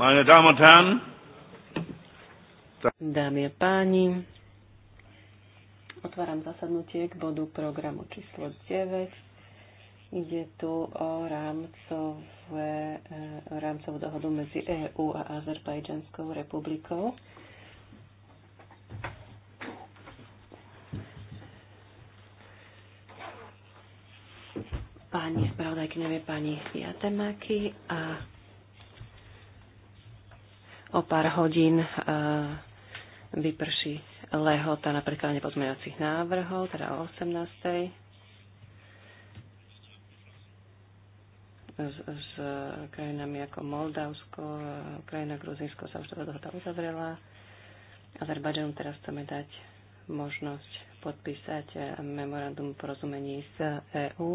Meine Damen und Herren, Dámy a páni, otváram zasadnutie k bodu programu číslo 9. Ide tu o rámcové, eh, rámcovú dohodu medzi EÚ a Azerbajdžanskou republikou. Páni nevie pani Jatemaky a o pár hodín e, vyprší lehota na prekladanie pozmeňovacích návrhov, teda o 18. s, s krajinami ako Moldavsko, krajina Gruzinsko sa už tá dohoda uzavrela. Azerbajdžanu teraz chceme dať možnosť podpísať e, memorandum porozumení z EÚ,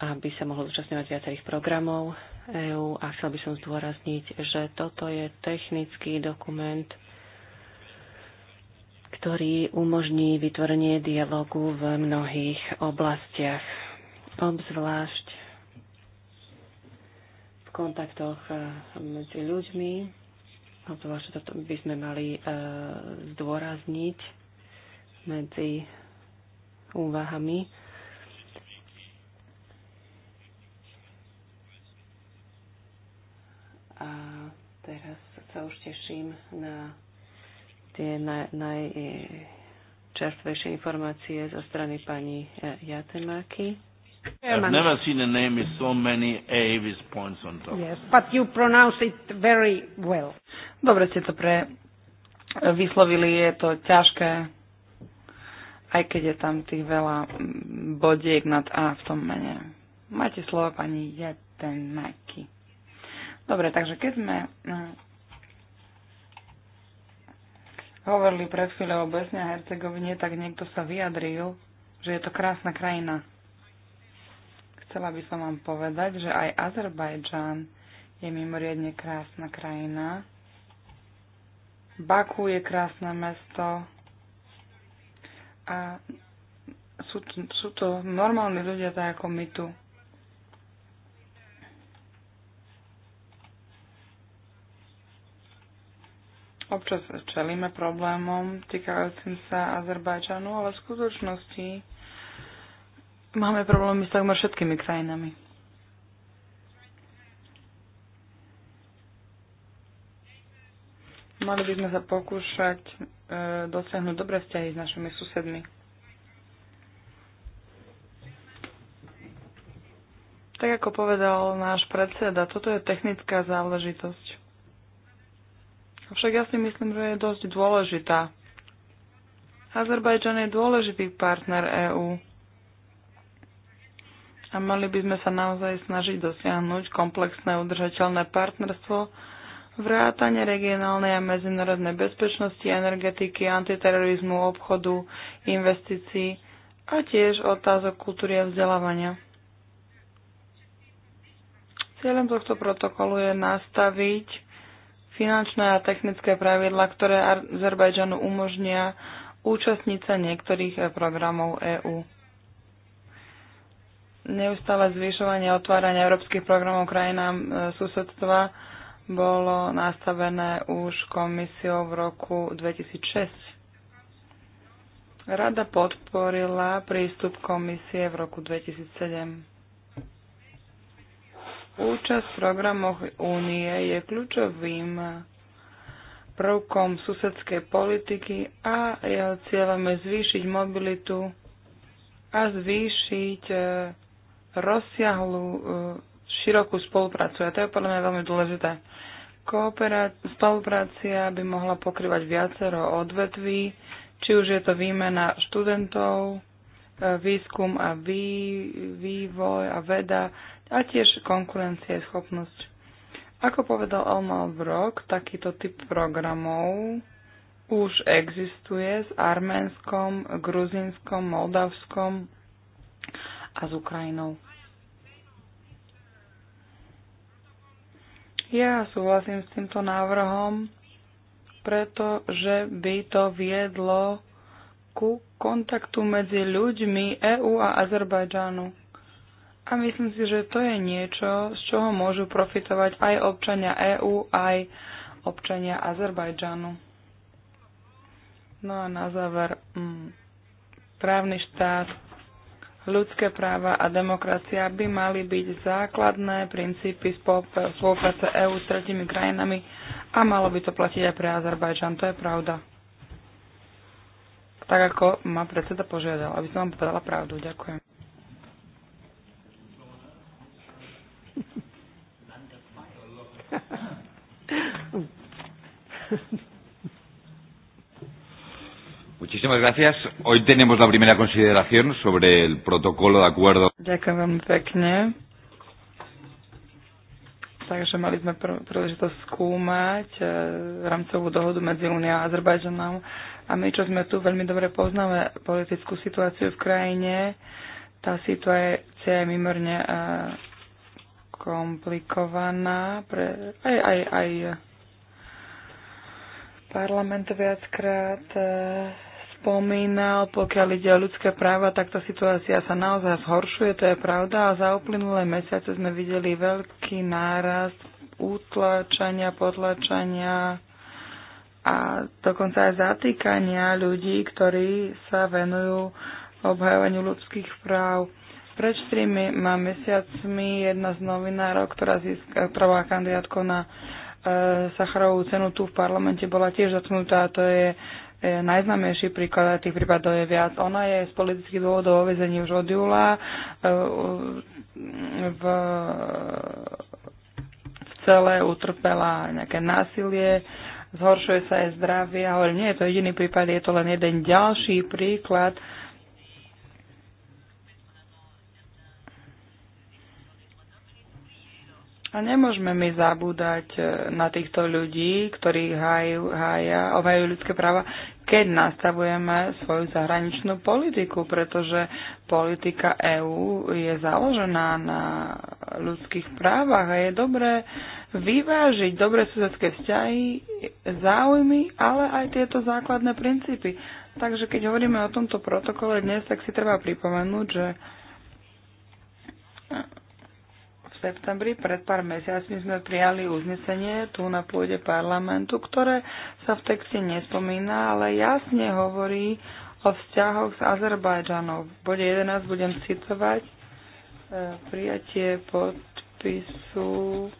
aby sa mohlo zúčastňovať viacerých programov EÚ a chcel by som zdôrazniť, že toto je technický dokument, ktorý umožní vytvorenie dialogu v mnohých oblastiach, obzvlášť v kontaktoch eh, medzi ľuďmi, obzvlášť toto by sme mali eh, zdôrazniť medzi úvahami A teraz sa už teším na tie naj, najčerstvejšie e, informácie zo strany pani e, Jatemáky. I've never seen a name with so many A with points on top. Yes, but you pronounce it very well. Dobre ste to pre vyslovili, je to ťažké, aj keď je tam tých veľa bodiek nad A v tom mene. Máte slovo pani Jatenmaki. Dobre, takže keď sme mm, hovorili pred chvíľou o Bosne a Hercegovine, tak niekto sa vyjadril, že je to krásna krajina. Chcela by som vám povedať, že aj Azerbajdžan je mimoriadne krásna krajina. Baku je krásne mesto a sú, sú to normálni ľudia, tak ako my tu. Občas čelíme problémom týkajúcim sa Azerbajčanu, ale v skutočnosti máme problémy s takmer všetkými krajinami. Mali by sme sa pokúšať e, dosiahnuť dobré vzťahy s našimi susedmi. Tak ako povedal náš predseda, toto je technická záležitosť. Však ja si myslím, že je dosť dôležitá. Azerbajdžan je dôležitý partner EÚ a mali by sme sa naozaj snažiť dosiahnuť komplexné udržateľné partnerstvo, vrátane regionálnej a medzinárodnej bezpečnosti, energetiky, antiterorizmu, obchodu, investícií a tiež otázok kultúry a vzdelávania. Cieľom tohto protokolu je nastaviť finančné a technické pravidla, ktoré Azerbajdžanu umožnia účastniť sa niektorých eh, programov EÚ. Neustále zvyšovanie a otváranie európskych programov krajinám eh, susedstva bolo nastavené už komisiou v roku 2006. Rada podporila prístup komisie v roku 2007. Účasť v programoch únie je kľúčovým prvkom susedskej politiky a jeho cieľom je zvýšiť mobilitu a zvýšiť e, rozsiahlu e, širokú spoluprácu. A to je podľa mňa veľmi dôležité. spoluprácia by mohla pokrývať viacero odvetví, či už je to výmena študentov, e, výskum a vývoj a veda, a tiež schopnosť. Ako povedal Elmar Brock, takýto typ programov už existuje s Arménskom, Gruzinskom, Moldavskom a s Ukrajinou. Ja súhlasím s týmto návrhom, pretože by to viedlo ku kontaktu medzi ľuďmi EÚ a Azerbajdžanu. A myslím si, že to je niečo, z čoho môžu profitovať aj občania EÚ, aj občania Azerbajdžanu. No a na záver, mm, právny štát, ľudské práva a demokracia by mali byť základné princípy spolupráce EÚ s tretimi krajinami a malo by to platiť aj pre Azerbajdžan. To je pravda. Tak ako ma predseda požiadal, aby som vám povedala pravdu. Ďakujem. Muchísimas gracias. Hoy tenemos la primera consideración sobre el protocolo de acuerdo. Ďakujem veľmi pekne. Takže mali sme pr- príležitosť skúmať e, rámcovú dohodu medzi Úniou a Azerbajdžanom. A my, čo sme tu, veľmi dobre poznáme politickú situáciu v krajine. Tá situácia je mimorne e, komplikovaná pre aj, aj, aj parlament viackrát eh, spomínal, pokiaľ ide o ľudské práva, tak tá situácia sa naozaj zhoršuje, to je pravda. A za uplynulé mesiace sme videli veľký nárast utlačania, potlačania a dokonca aj zatýkania ľudí, ktorí sa venujú obhajovaniu ľudských práv. Pred 4 mesiacmi jedna z novinárov, ktorá, získa, prvá kandidátko na e, Sacharovú cenu tu v parlamente, bola tiež zatknutá a to je e, najznamejší príklad, a tých prípadov je viac. Ona je z politických dôvodov o vezení už od júla e, v, v celé utrpela nejaké násilie, zhoršuje sa jej zdravie. ale nie je to jediný prípad, je to len jeden ďalší príklad, A nemôžeme my zabúdať e, na týchto ľudí, ktorí hájú, hája, obhajú ľudské práva, keď nastavujeme svoju zahraničnú politiku, pretože politika EÚ je založená na ľudských právach a je dobré vyvážiť dobré susedské vzťahy, záujmy, ale aj tieto základné princípy. Takže keď hovoríme o tomto protokole dnes, tak si treba pripomenúť, že septembri pred pár mesiacmi sme prijali uznesenie tu na pôde parlamentu, ktoré sa v texte nespomína, ale jasne hovorí o vzťahoch s Azerbajdžanom. V bode 11 budem citovať e, prijatie podpisu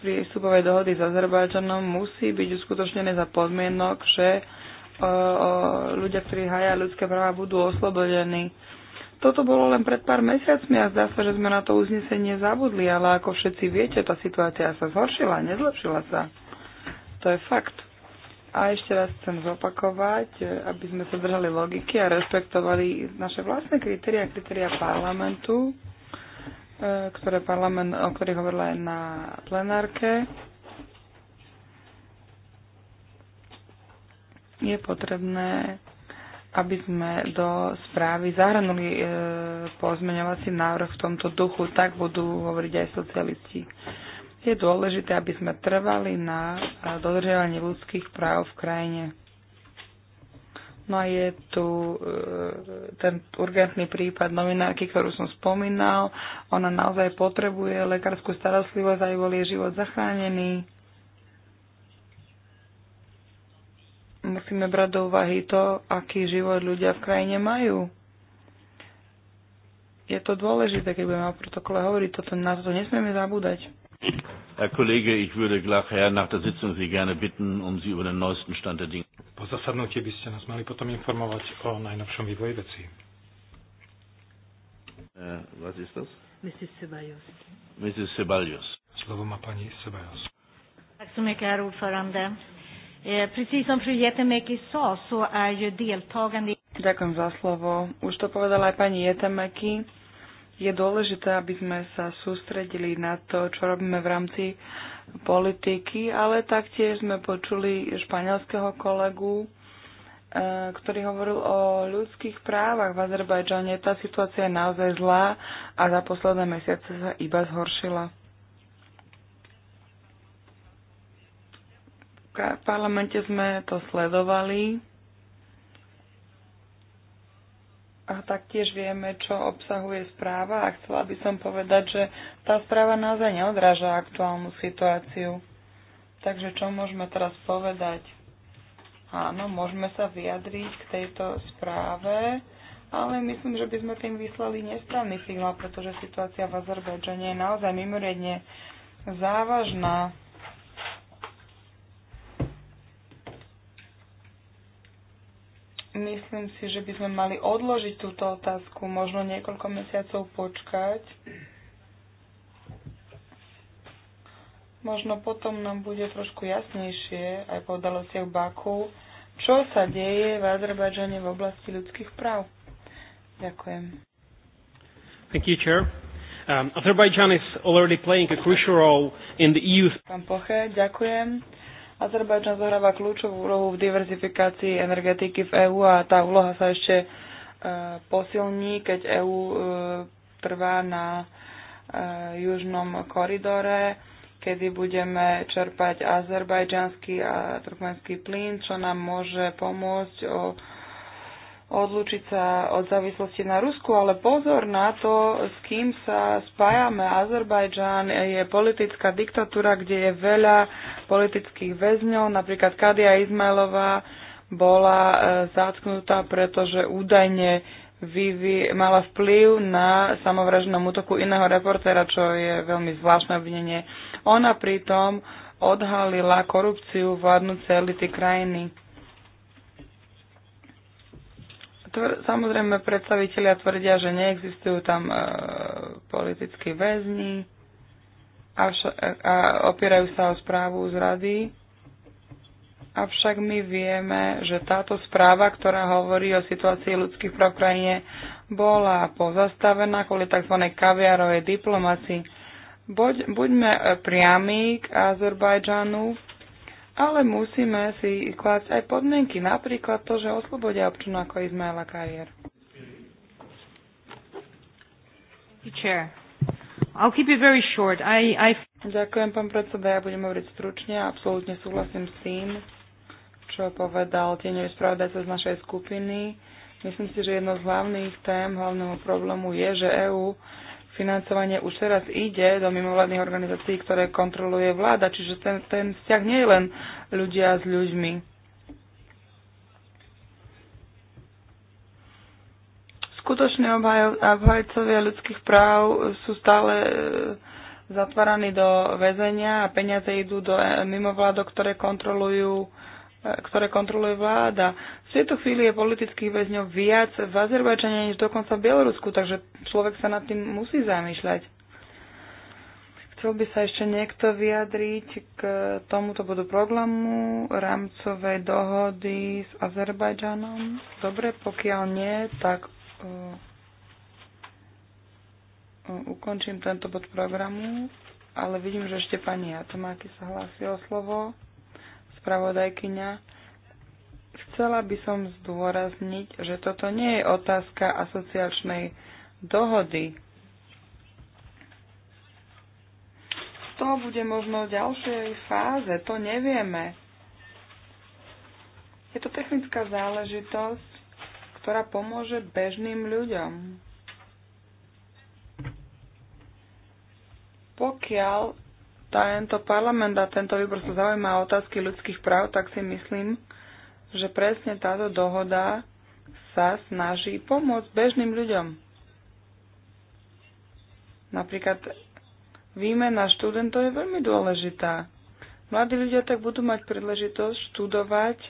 prístupovej dohody s Azerbajdžanom musí byť uskutočnené za podmienok, že e, ľudia, ktorí hajajú ľudské práva, budú oslobodení toto bolo len pred pár mesiacmi a zdá sa, že sme na to uznesenie zabudli, ale ako všetci viete, tá situácia sa zhoršila, nezlepšila sa. To je fakt. A ešte raz chcem zopakovať, e, aby sme sa držali logiky a respektovali naše vlastné kritéria, kritéria parlamentu, e, ktoré parlament, o ktorých hovorila aj na plenárke. Je potrebné aby sme do správy zahrnuli e, pozmeňovací návrh v tomto duchu, tak budú hovoriť aj socialisti. Je dôležité, aby sme trvali na e, dodržiavaní ľudských práv v krajine. No a je tu e, ten urgentný prípad novinárky, ktorú som spomínal. Ona naozaj potrebuje lekárskú starostlivosť, aj bol jej život zachránený musíme brať do úvahy to, aký život ľudia v krajine majú. Je to dôležité, keď budeme o protokole hovoriť, toto, na toto nesmieme zabúdať. Herr Kollege, ich würde gleich her nach der Sitzung Sie gerne bitten, um Sie über den neuesten Stand der Dinge. Po zasadnutí by ste nás mali potom informovať o najnovšom vývoji veci. Uh, äh, was ist das? Mrs. Ceballos. Mrs. Ceballos. Slovo má pani Ceballos. Tack så mycket, herr ordförande. Eh, precis som fru sa så är ju deltagande... Ďakujem za slovo. Už to povedala aj pani Jetemeky. Je dôležité, aby sme sa sústredili na to, čo robíme v rámci politiky, ale taktiež sme počuli španielského kolegu, eh, ktorý hovoril o ľudských právach v Azerbajdžane. Tá situácia je naozaj zlá a za posledné mesiace sa iba zhoršila. v parlamente sme to sledovali a taktiež vieme, čo obsahuje správa a chcela by som povedať, že tá správa naozaj neodráža aktuálnu situáciu. Takže čo môžeme teraz povedať? Áno, môžeme sa vyjadriť k tejto správe, ale myslím, že by sme tým vyslali nesprávny signál, pretože situácia v Azerbajdžane je naozaj mimoriadne závažná. Myslím si, že by sme mali odložiť túto otázku, možno niekoľko mesiacov počkať. Možno potom nám bude trošku jasnejšie, aj po udalostiach Baku, čo sa deje v Azerbajdžane v oblasti ľudských práv. Ďakujem. Thank you, Chair. Um, Azerbaijan is already playing a crucial role in the EU. Pán Poche, ďakujem Azerbajdžan zohráva kľúčovú úlohu v diverzifikácii energetiky v EÚ a tá úloha sa ešte e, posilní, keď EÚ e, trvá na e, južnom koridore, kedy budeme čerpať azerbajdžanský a turkmenský plyn, čo nám môže pomôcť o odlučiť sa od závislosti na Rusku, ale pozor na to, s kým sa spájame. Azerbajdžan je politická diktatúra, kde je veľa politických väzňov, napríklad Kadia Izmailová bola e, zatknutá, pretože údajne Vivi mala vplyv na samovražnom útoku iného reportéra, čo je veľmi zvláštne obvinenie. Ona pritom odhalila korupciu vládnúcej elity krajiny. Samozrejme, predstavitelia tvrdia, že neexistujú tam e, politickí väzni a, vša- e, a opierajú sa o správu z rady. Avšak my vieme, že táto správa, ktorá hovorí o situácii ľudských práv v krajine, bola pozastavená kvôli tzv. kaviarovej diplomácii. Buď, buďme e, priami k Azerbajdžanu ale musíme si klásť aj podmienky, napríklad to, že oslobodia občinu ako Izmaela kariér. I'll keep it very short. I, I... Ďakujem, pán predseda, ja budem hovoriť stručne a absolútne súhlasím s tým, čo povedal tieňový spravodajca z našej skupiny. Myslím si, že jedno z hlavných tém, hlavného problému je, že EÚ financovanie už teraz ide do mimovládnych organizácií, ktoré kontroluje vláda, čiže ten, ten vzťah nie je len ľudia s ľuďmi. Skutočne obhajcovia ľudských práv sú stále e, zatváraní do väzenia a peniaze idú do e, mimovládok, ktoré kontrolujú ktoré kontroluje vláda. V tejto chvíli je politických väzňov viac v Azerbajčane než dokonca v Bielorusku, takže človek sa nad tým musí zamýšľať. Chcel by sa ešte niekto vyjadriť k tomuto bodu programu rámcovej dohody s Azerbajdžanom? Dobre, pokiaľ nie, tak uh, uh, ukončím tento bod programu, ale vidím, že ešte pani Atomáky sa hlási o slovo spravodajkyňa. Chcela by som zdôrazniť, že toto nie je otázka asociačnej dohody. To bude možno v ďalšej fáze, to nevieme. Je to technická záležitosť, ktorá pomôže bežným ľuďom. Pokiaľ tento parlament a tento výbor sa zaujíma o otázky ľudských práv, tak si myslím, že presne táto dohoda sa snaží pomôcť bežným ľuďom. Napríklad výmena študentov je veľmi dôležitá. Mladí ľudia tak budú mať príležitosť študovať e,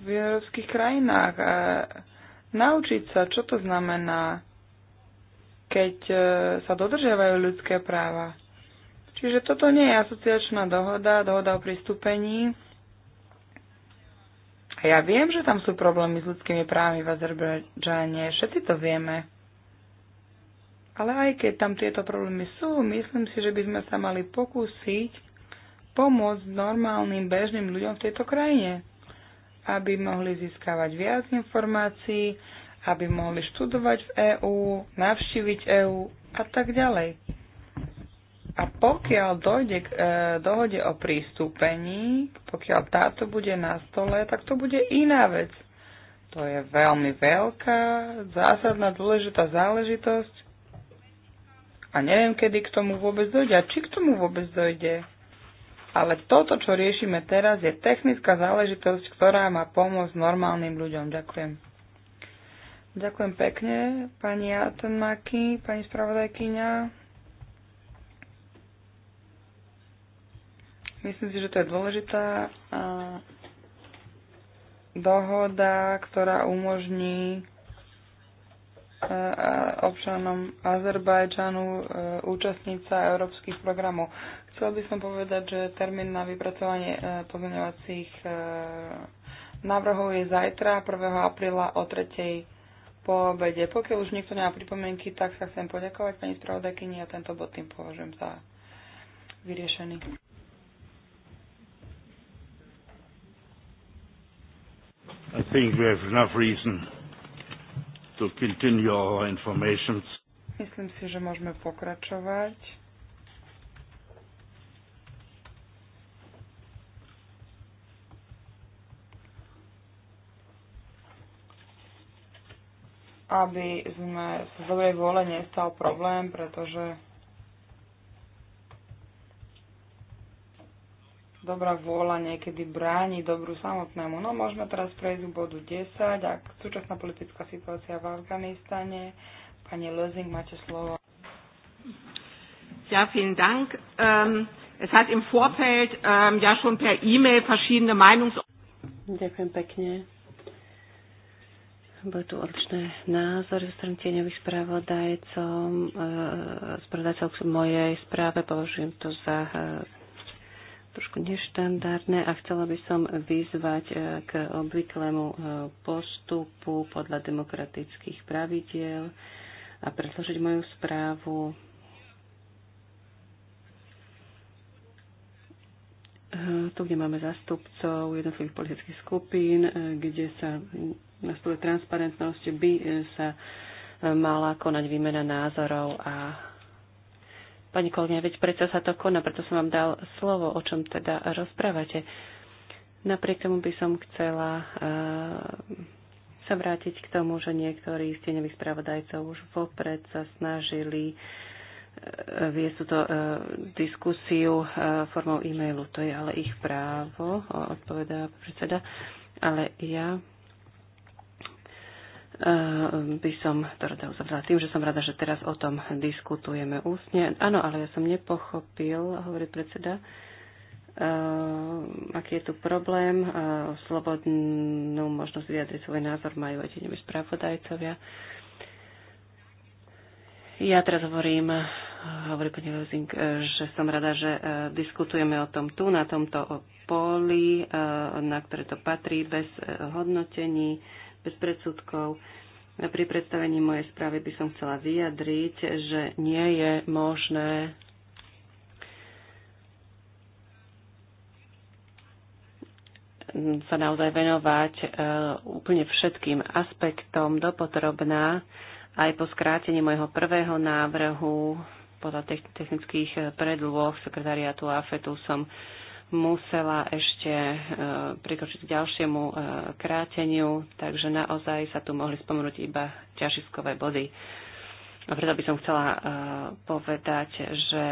v európskych krajinách a naučiť sa, čo to znamená, keď e, sa dodržiavajú ľudské práva. Čiže toto nie je asociačná dohoda, dohoda o pristúpení. A ja viem, že tam sú problémy s ľudskými právami v Azerbajdžáne, všetci to vieme. Ale aj keď tam tieto problémy sú, myslím si, že by sme sa mali pokúsiť pomôcť normálnym bežným ľuďom v tejto krajine, aby mohli získavať viac informácií, aby mohli študovať v EÚ, navštíviť EÚ a tak ďalej. A pokiaľ dojde k e, dohode o prístupení, pokiaľ táto bude na stole, tak to bude iná vec. To je veľmi veľká, zásadná, dôležitá záležitosť. A neviem, kedy k tomu vôbec dojde a či k tomu vôbec dojde. Ale toto, čo riešime teraz, je technická záležitosť, ktorá má pomôcť normálnym ľuďom. Ďakujem. Ďakujem pekne, pani Atenmaki, pani spravodajkyňa. Myslím si, že to je dôležitá dohoda, ktorá umožní občanom Azerbajdžanu e, účastniť sa európskych programov. Chcel by som povedať, že termín na vypracovanie e, pozmeňovacích e, návrhov je zajtra, 1. apríla o 3. po obede. Pokiaľ už niekto nemá pripomienky, tak sa chcem poďakovať pani Strahodekyni a tento bod tým považujem za vyriešený. I think we have enough reason to continue our informations. Myslím si, že môžeme pokračovať. aby sme z dobrej vôle nestal problém, pretože dobrá vôľa niekedy bráni dobru samotnému. No môžeme teraz prejsť k bodu 10, ak súčasná politická situácia v Afganistane. Pani Lozing, máte slovo. Ja, vielen Dank. Um, es hat im Vorfeld um, ja schon per E-Mail verschiedene Meinungs... Ďakujem pekne. Boli tu odlišné názory zo strany tieňových spravodajcov. E, äh, spravodajcov k mojej správe považujem to za e, trošku neštandardné a chcela by som vyzvať e, k obvyklému e, postupu podľa demokratických pravidiel a predložiť moju správu e, tu, kde máme zastupcov jednotlivých politických skupín, kde sa na spôsob transparentnosti by sa mala konať výmena názorov a Pani Kolňa, veď prečo sa to koná, preto som vám dal slovo, o čom teda rozprávate. Napriek tomu by som chcela eh, sa vrátiť k tomu, že niektorí z tieňových spravodajcov už vopred sa snažili eh, viesť túto eh, diskusiu formou e-mailu. To je ale ich právo, odpovedá predseda. Ale ja Eh, by som to rada uzavrela tým, že som rada, že teraz o tom diskutujeme ústne. Áno, ale ja som nepochopil, hovorí predseda, eh, aký je tu problém. Eh, slobodnú možnosť vyjadriť svoj názor majú aj tieňoví správodajcovia. Ja teraz hovorím, hovorí pani Lozing, že som rada, že diskutujeme o tom tu, na tomto poli, na ktoré to patrí, bez hodnotení bez predsudkov. Pri predstavení mojej správy by som chcela vyjadriť, že nie je možné sa naozaj venovať e, úplne všetkým aspektom dopotrobná. aj po skrátení môjho prvého návrhu podľa technických predlôh sekretariátu AFETu som musela ešte e, prikročiť k ďalšiemu e, kráteniu, takže naozaj sa tu mohli spomenúť iba ťažiskové body. A preto by som chcela e, povedať, že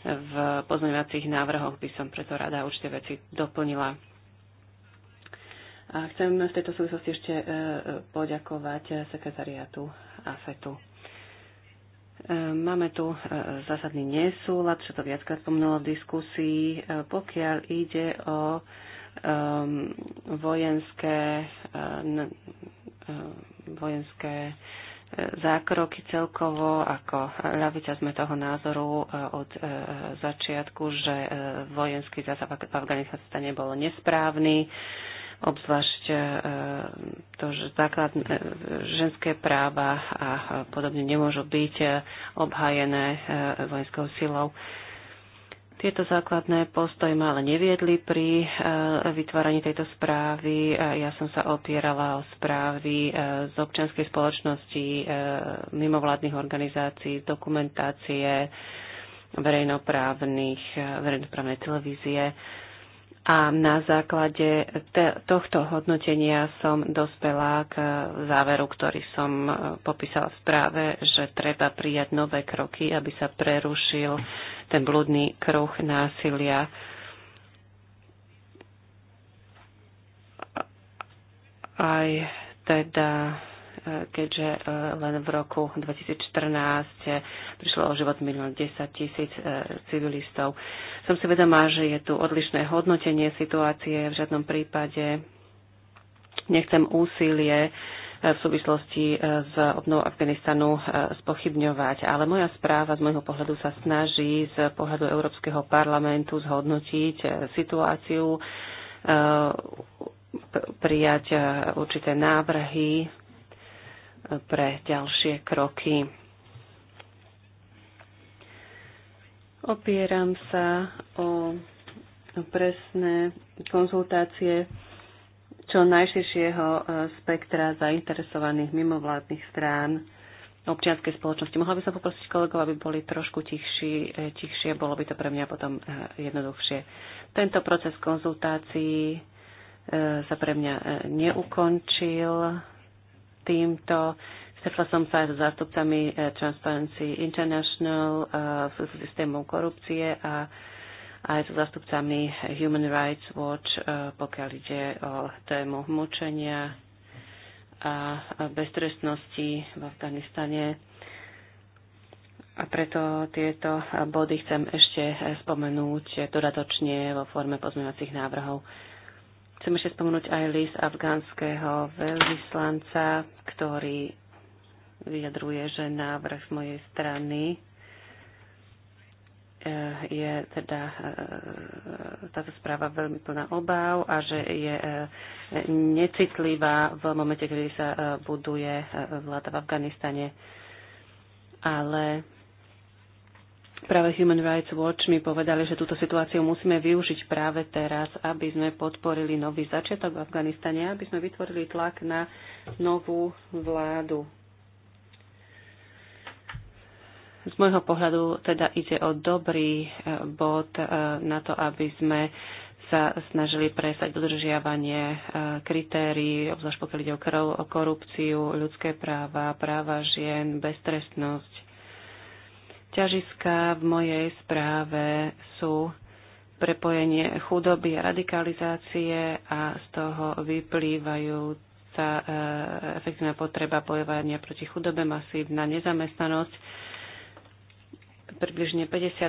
v pozmeňovacích návrhoch by som preto rada určite veci doplnila. A chcem v tejto súvislosti ešte poďakovať sekretariátu AFETu. Máme tu e, zásadný nesúlad, čo to viackrát spomínalo v diskusii, e, pokiaľ ide o um, vojenské, um, vojenské zákroky celkovo. Ako ľavica sme toho názoru od začiatku, že vojenský zásah v Afganistane bol nesprávny obzvlášť e, to, že základ, e, ženské práva a podobne nemôžu byť e, obhájené vojenskou silou. Tieto základné postoje ma ale neviedli pri vytváraní tejto správy. Ja som sa opierala o správy z občianskej spoločnosti, mimovládnych organizácií, dokumentácie, verejnoprávnych, verejnoprávnej televízie a na základe tohto hodnotenia som dospela k záveru, ktorý som e, popísala v správe, že treba prijať nové kroky, aby sa prerušil ten blúdny kruh násilia. Aj teda keďže e, len v roku 2014 e, prišlo o život milión 10 tisíc e, civilistov. Som si vedomá, že je tu odlišné hodnotenie situácie v žiadnom prípade. Nechcem úsilie v súvislosti s obnovou Afganistanu spochybňovať. Ale moja správa z môjho pohľadu sa snaží z pohľadu Európskeho parlamentu zhodnotiť situáciu, prijať určité návrhy pre ďalšie kroky. Opieram sa o presné konzultácie čo najširšieho e, spektra zainteresovaných mimovládnych strán občianskej spoločnosti. Mohla by som poprosiť kolegov, aby boli trošku tichší, e, tichšie, bolo by to pre mňa potom e, jednoduchšie. Tento proces konzultácií sa pre mňa neukončil týmto. Stretla som sa aj so zástupcami eh, Transparency International eh, v systému korupcie a aj so zástupcami Human Rights Watch, eh, pokiaľ ide o tému mučenia a beztrestnosti v Afganistane. A preto tieto body chcem ešte spomenúť dodatočne vo forme pozmeňovacích návrhov. Chcem ešte spomenúť aj list afgánskeho veľvyslanca, ktorý vyjadruje, že návrh z mojej strany eh, je teda eh, táto správa veľmi plná obáv a že je eh, necitlivá v momente, kedy sa buduje vláda v Afganistane. Ale Práve Human Rights Watch mi povedali, že túto situáciu musíme využiť práve teraz, aby sme podporili nový začiatok v Afganistane, aby sme vytvorili tlak na novú vládu. Z môjho pohľadu teda ide o dobrý e, bod e, na to, aby sme sa snažili presať dodržiavanie e, kritérií, obzvlášť pokiaľ ide o korupciu, ľudské práva, práva žien, beztrestnosť Ťažiská v mojej správe sú prepojenie chudoby a radikalizácie a z toho vyplývajúca e, efektívna potreba bojovania proti chudobe, masívna nezamestnanosť. Približne 50 e, e,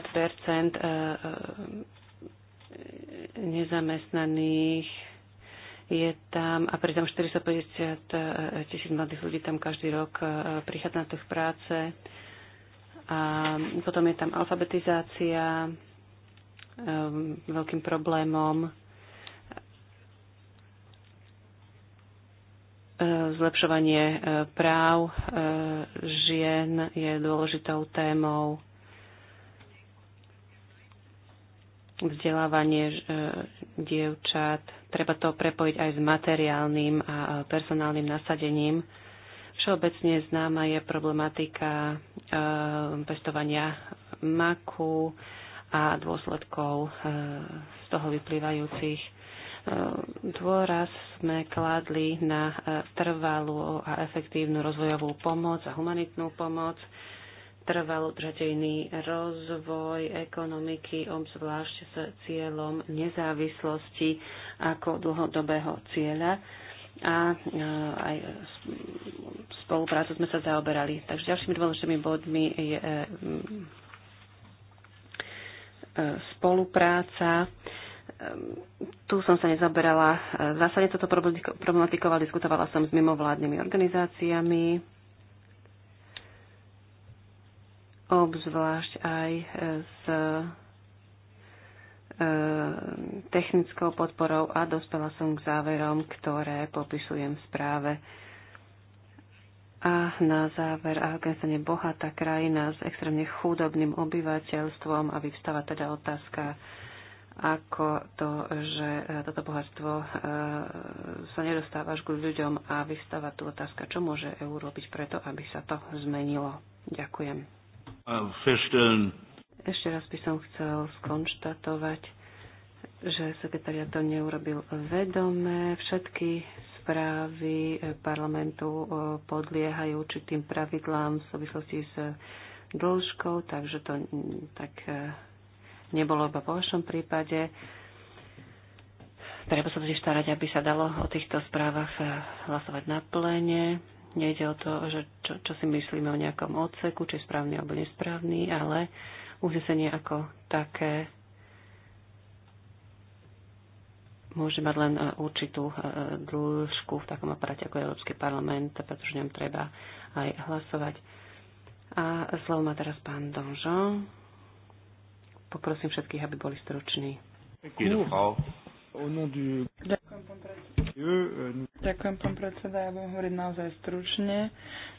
nezamestnaných je tam a pritom 450 tisíc mladých ľudí tam každý rok prichádza na trh práce a potom je tam alfabetizácia ehm, veľkým problémom. E, zlepšovanie e, práv e, žien je dôležitou témou. Vzdelávanie dievčat. Treba to prepojiť aj s materiálnym a personálnym nasadením Všeobecne známa je problematika eh, pestovania maku a dôsledkov eh, z toho vyplývajúcich. Eh, dôraz sme kladli na trvalú a efektívnu rozvojovú pomoc a humanitnú pomoc, trvalú držateľný rozvoj ekonomiky, obzvlášť s cieľom nezávislosti ako dlhodobého cieľa a e, aj spoluprácu sme sa zaoberali. Takže ďalšími dôležitými bodmi je e, e, spolupráca. Tu som sa nezaberala. V zásade toto problematikou diskutovala som s mimovládnymi organizáciami, obzvlášť aj s Eh, technickou podporou a dospela som k záverom, ktoré popisujem v správe. A na záver, Afganistan je bohatá krajina s extrémne chudobným obyvateľstvom a vyvstáva teda otázka, ako to, že eh, toto bohatstvo eh, sa nedostáva až k ľuďom a vyvstáva tu otázka, čo môže EU robiť preto, aby sa to zmenilo. Ďakujem. Uh, ešte raz by som chcel skonštatovať, že sekretariat to neurobil vedomé. Všetky správy parlamentu eh, podliehajú určitým pravidlám v súvislosti s dĺžkou, takže to tak eh, nebolo iba po vašom prípade. Treba sa totiž starať, aby sa dalo o týchto správach eh, hlasovať na plene. Nejde o to, že čo, čo si myslíme o nejakom odseku, či je správny alebo nesprávny, ale uznesenie ako také môže mať len e, určitú e, dĺžku v takom aparáte ako Európsky parlament, pretože ňom treba aj hlasovať. A slovo má teraz pán Donžon. Poprosím všetkých, aby boli struční. Ďakujem, pán predseda. Euh, Ďakujem, pán predseda. Ja budem hovoriť naozaj stručne.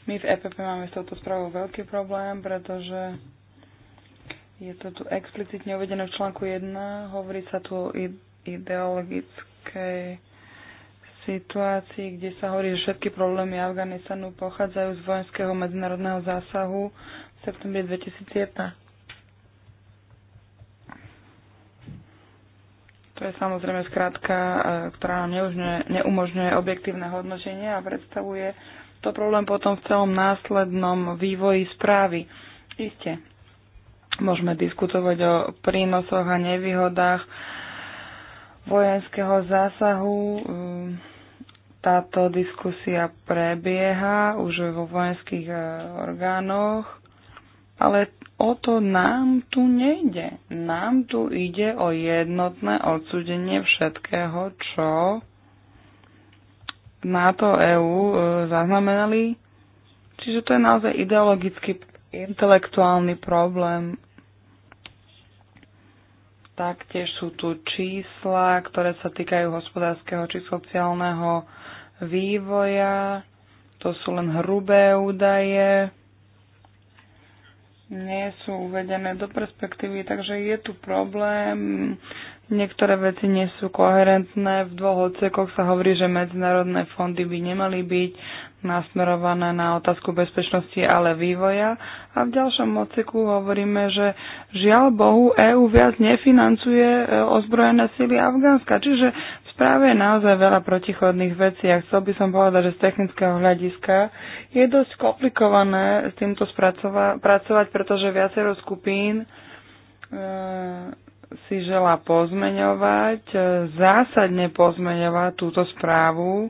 My v EPP máme s touto správou veľký problém, pretože je to tu explicitne uvedené v článku 1. Hovorí sa tu o ideologickej situácii, kde sa hovorí, že všetky problémy Afganistanu pochádzajú z vojenského medzinárodného zásahu v septembri 2001. To je samozrejme skrátka, e, ktorá nám neumožňuje, objektívne hodnotenie a predstavuje to problém potom v celom následnom vývoji správy. Isté, Môžeme diskutovať o prínosoch a nevýhodách vojenského zásahu. Táto diskusia prebieha už vo vojenských e, orgánoch, ale o to nám tu nejde. Nám tu ide o jednotné odsudenie všetkého, čo NATO EU e, zaznamenali. Čiže to je naozaj ideologický intelektuálny problém. Taktiež sú tu čísla, ktoré sa týkajú hospodárskeho či sociálneho vývoja. To sú len hrubé údaje. Nie sú uvedené do perspektívy, takže je tu problém. Niektoré veci nie sú koherentné. V dvoch odsekoch sa hovorí, že medzinárodné fondy by nemali byť nasmerované na otázku bezpečnosti, ale vývoja. A v ďalšom odseku hovoríme, že žiaľ Bohu EÚ viac nefinancuje e, ozbrojené sily Afgánska. Čiže v správe je naozaj veľa protichodných vecí a chcel by som povedať, že z technického hľadiska je dosť komplikované s týmto spracova- pracovať, pretože viacero skupín e, si žela pozmeňovať, e, zásadne pozmeňovať túto správu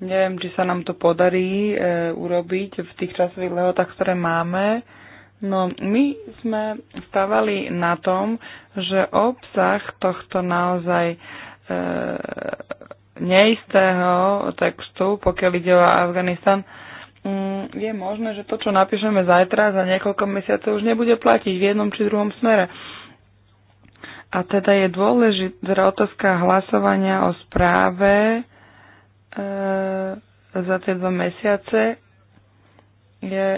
Neviem, či sa nám to podarí e, urobiť v tých časových lehotách, ktoré máme. No, my sme stávali na tom, že obsah tohto naozaj e, neistého textu, pokiaľ ide o Afganistan, mm, je možné, že to, čo napíšeme zajtra, za niekoľko mesiacov už nebude platiť v jednom či druhom smere. A teda je dôležitá otázka hlasovania o správe, e, za tie dva mesiace je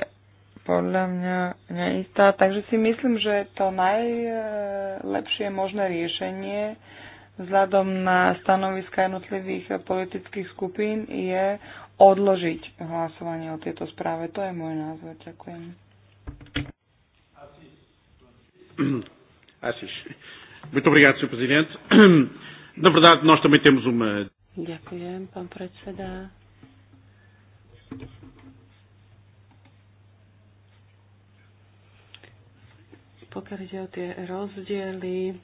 podľa mňa neistá. Takže si myslím, že to najlepšie možné riešenie vzhľadom na stanoviska jednotlivých politických skupín je odložiť hlasovanie o tieto správe. To je môj názor. Ďakujem. Assis. Muito obrigado, Sr. Presidente. Na verdade, nós também temos uma. Ďakujem, pán predseda. Pokiaľ ide o tie rozdiely,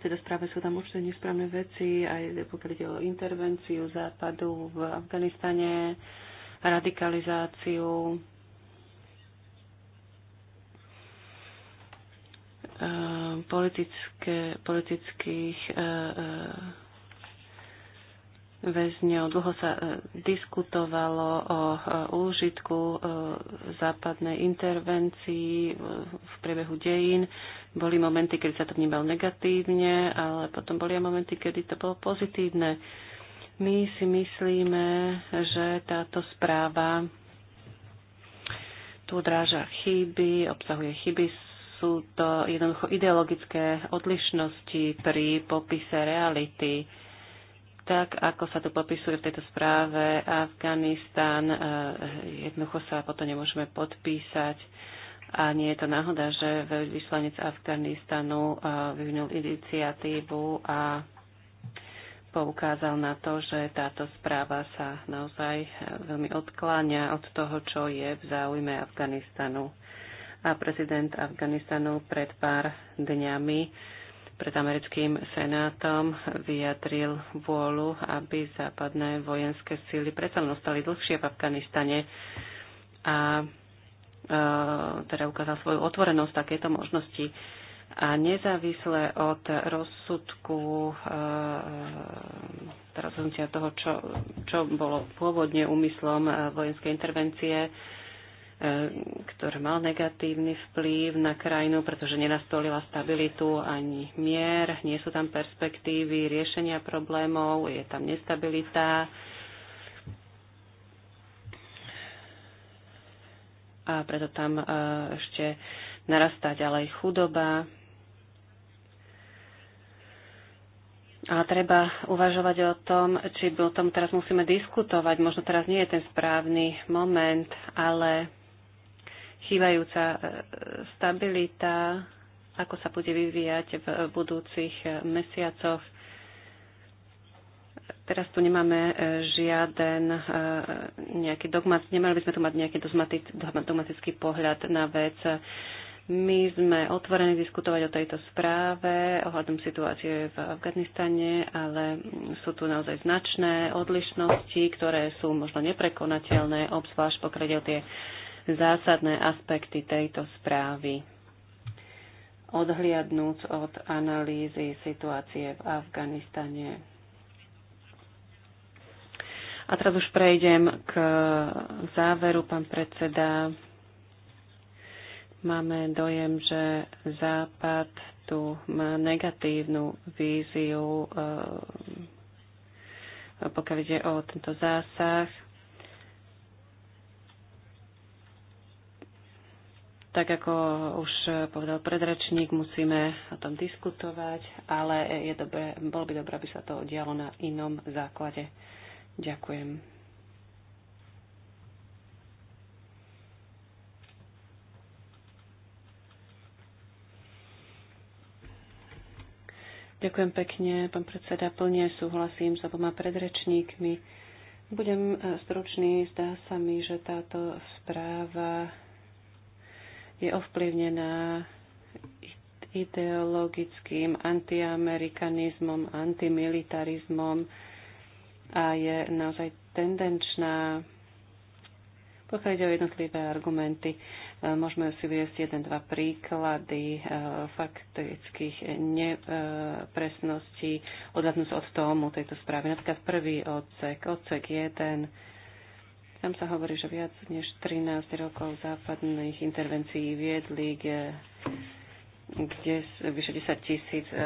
teda správe sú tam určite nesprávne veci, aj pokiaľ ide o intervenciu západu v Afganistane, radikalizáciu, ehm, politické, politických ehm, ehm, väzňov. Dlho sa e, diskutovalo o e, úžitku e, západnej intervencii v priebehu dejín. Boli momenty, kedy sa to vnímal negatívne, ale potom boli aj momenty, kedy to bolo pozitívne. My si myslíme, že táto správa tu odráža chyby, obsahuje chyby sú to jednoducho ideologické odlišnosti pri popise reality tak ako sa tu popisuje v tejto správe, Afganistan eh, jednoducho sa potom nemôžeme podpísať. A nie je to náhoda, že vyslanec Afganistanu eh, vyvinul iniciatívu a poukázal na to, že táto správa sa naozaj eh, veľmi odkláňa od toho, čo je v záujme Afganistanu. A prezident Afganistanu pred pár dňami pred americkým senátom vyjadril vôľu, aby západné vojenské síly predsa len ostali dlhšie v Afganistane a e, teda ukázal svoju otvorenosť takéto možnosti. A nezávisle od rozsudku, e, e teraz rozhodnutia toho, čo, čo bolo pôvodne úmyslom e, vojenskej intervencie, E, ktoré mal negatívny vplyv na krajinu, pretože nenastolila stabilitu ani mier, nie sú tam perspektívy riešenia problémov, je tam nestabilita. A preto tam e, ešte narastá ďalej chudoba. A treba uvažovať o tom, či o tom teraz musíme diskutovať. Možno teraz nie je ten správny moment, ale chýbajúca e, stabilita, ako sa bude vyvíjať v budúcich e, mesiacoch. Teraz tu nemáme e, žiaden nejaký dogmat, nemali by sme tu mať nejaký dogmatický pohľad na vec. My sme otvorení diskutovať o tejto správe ohľadom situácie v Afganistane, ale sú tu naozaj značné odlišnosti, ktoré sú možno neprekonateľné, obzvlášť pokrediel tie zásadné aspekty tejto správy. Odhliadnúc od analýzy situácie v Afganistane. A teraz už prejdem k záveru, pán predseda. Máme dojem, že Západ tu má negatívnu víziu, eh, pokiaľ ide o tento zásah Tak ako už povedal predrečník, musíme o tom diskutovať, ale je dobré, bolo by dobré, aby sa to dialo na inom základe. Ďakujem. Ďakujem pekne, pán predseda. Plne súhlasím s oboma predrečníkmi. Budem stručný. Zdá sa mi, že táto správa je ovplyvnená ideologickým antiamerikanizmom, antimilitarizmom a je naozaj tendenčná. Pokiaľ ide o jednotlivé argumenty, e, môžeme si viesť jeden, dva príklady e, faktických nepresností. Odhľadnúť od tomu tejto správy. Napríklad prvý odsek, odsek 1 tam sa hovorí, že viac než 13 rokov západných intervencií viedli k kde vyše 10 tisíc e, e, e,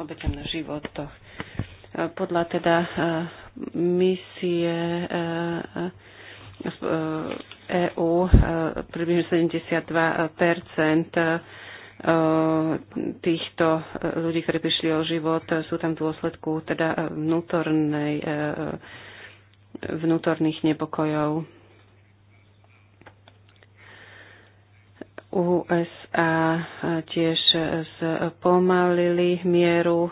obetem na životoch. Podľa teda misie EÚ približne 72 týchto ľudí, ktorí prišli o život, sú tam v dôsledku teda vnútornej vnútorných nepokojov. USA tiež spomalili mieru e,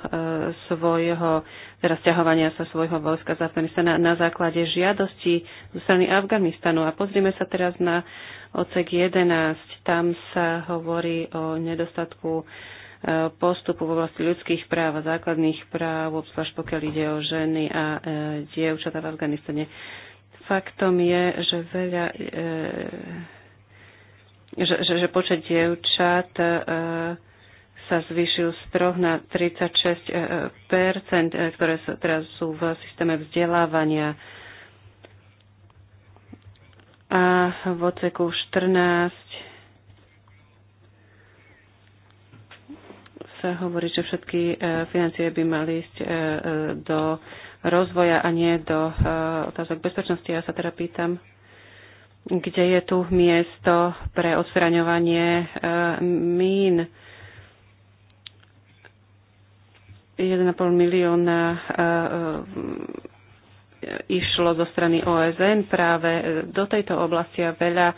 svojho, rozťahovania teda sa svojho vojska z Afganistana na základe žiadosti zo strany Afganistanu. A pozrime sa teraz na ocek 11. Tam sa hovorí o nedostatku postupu v oblasti ľudských práv a základných práv, obzvlášť pokiaľ ide o ženy a e, dievčatá v Afganistane. Faktom je, že veľa e, že, že, že počet dievčat e, sa zvýšil z 3 na 36 ktoré sa, teraz sú v systéme vzdelávania. A v oceku 14 sa hovorí, že všetky e, financie by mali ísť e, e, do rozvoja a nie do otázok bezpečnosti. Ja sa teda pýtam, kde je tu miesto pre odstraňovanie mín. 1,5 milióna išlo zo strany OSN práve do tejto oblasti a veľa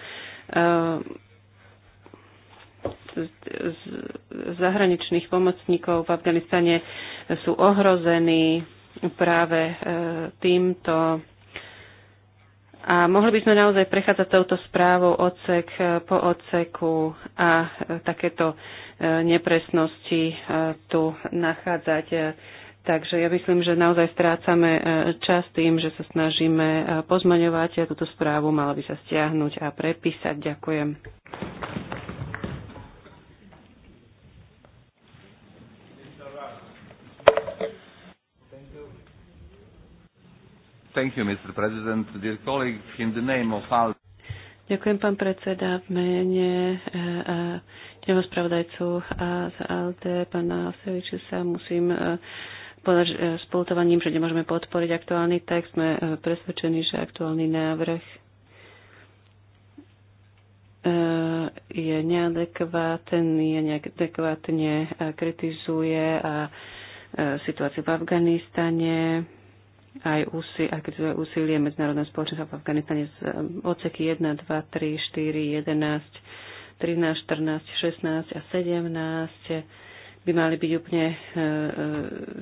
z zahraničných pomocníkov v Afganistane sú ohrození práve e, týmto. A mohli by sme naozaj prechádzať touto správou odsek e, po odseku a e, takéto nepresnosti tu nachádzať. Takže ja myslím, že naozaj strácame čas tým, že sa snažíme pozmaňovať a túto správu mala by sa stiahnuť a prepísať. Ďakujem. Thank you, Mr. President. Dear in the name of all... Ďakujem, pán predseda. V mene eh, eh, teho spravodajcu eh, z ALDE, pána Seviče, sa musím povedať s polutovaním, že nemôžeme podporiť aktuálny text. Sme presvedčení, že aktuálny návrh je neadekvátny, neadekvátne kritizuje a situáciu v Afganistane, aj, úsi, aj kritizuje úsilie medzinárodné spoločenstva v Afganistane z um, odseky 1, 2, 3, 4, 11, 13, 14, 16 a 17 by mali byť úplne uh, uh,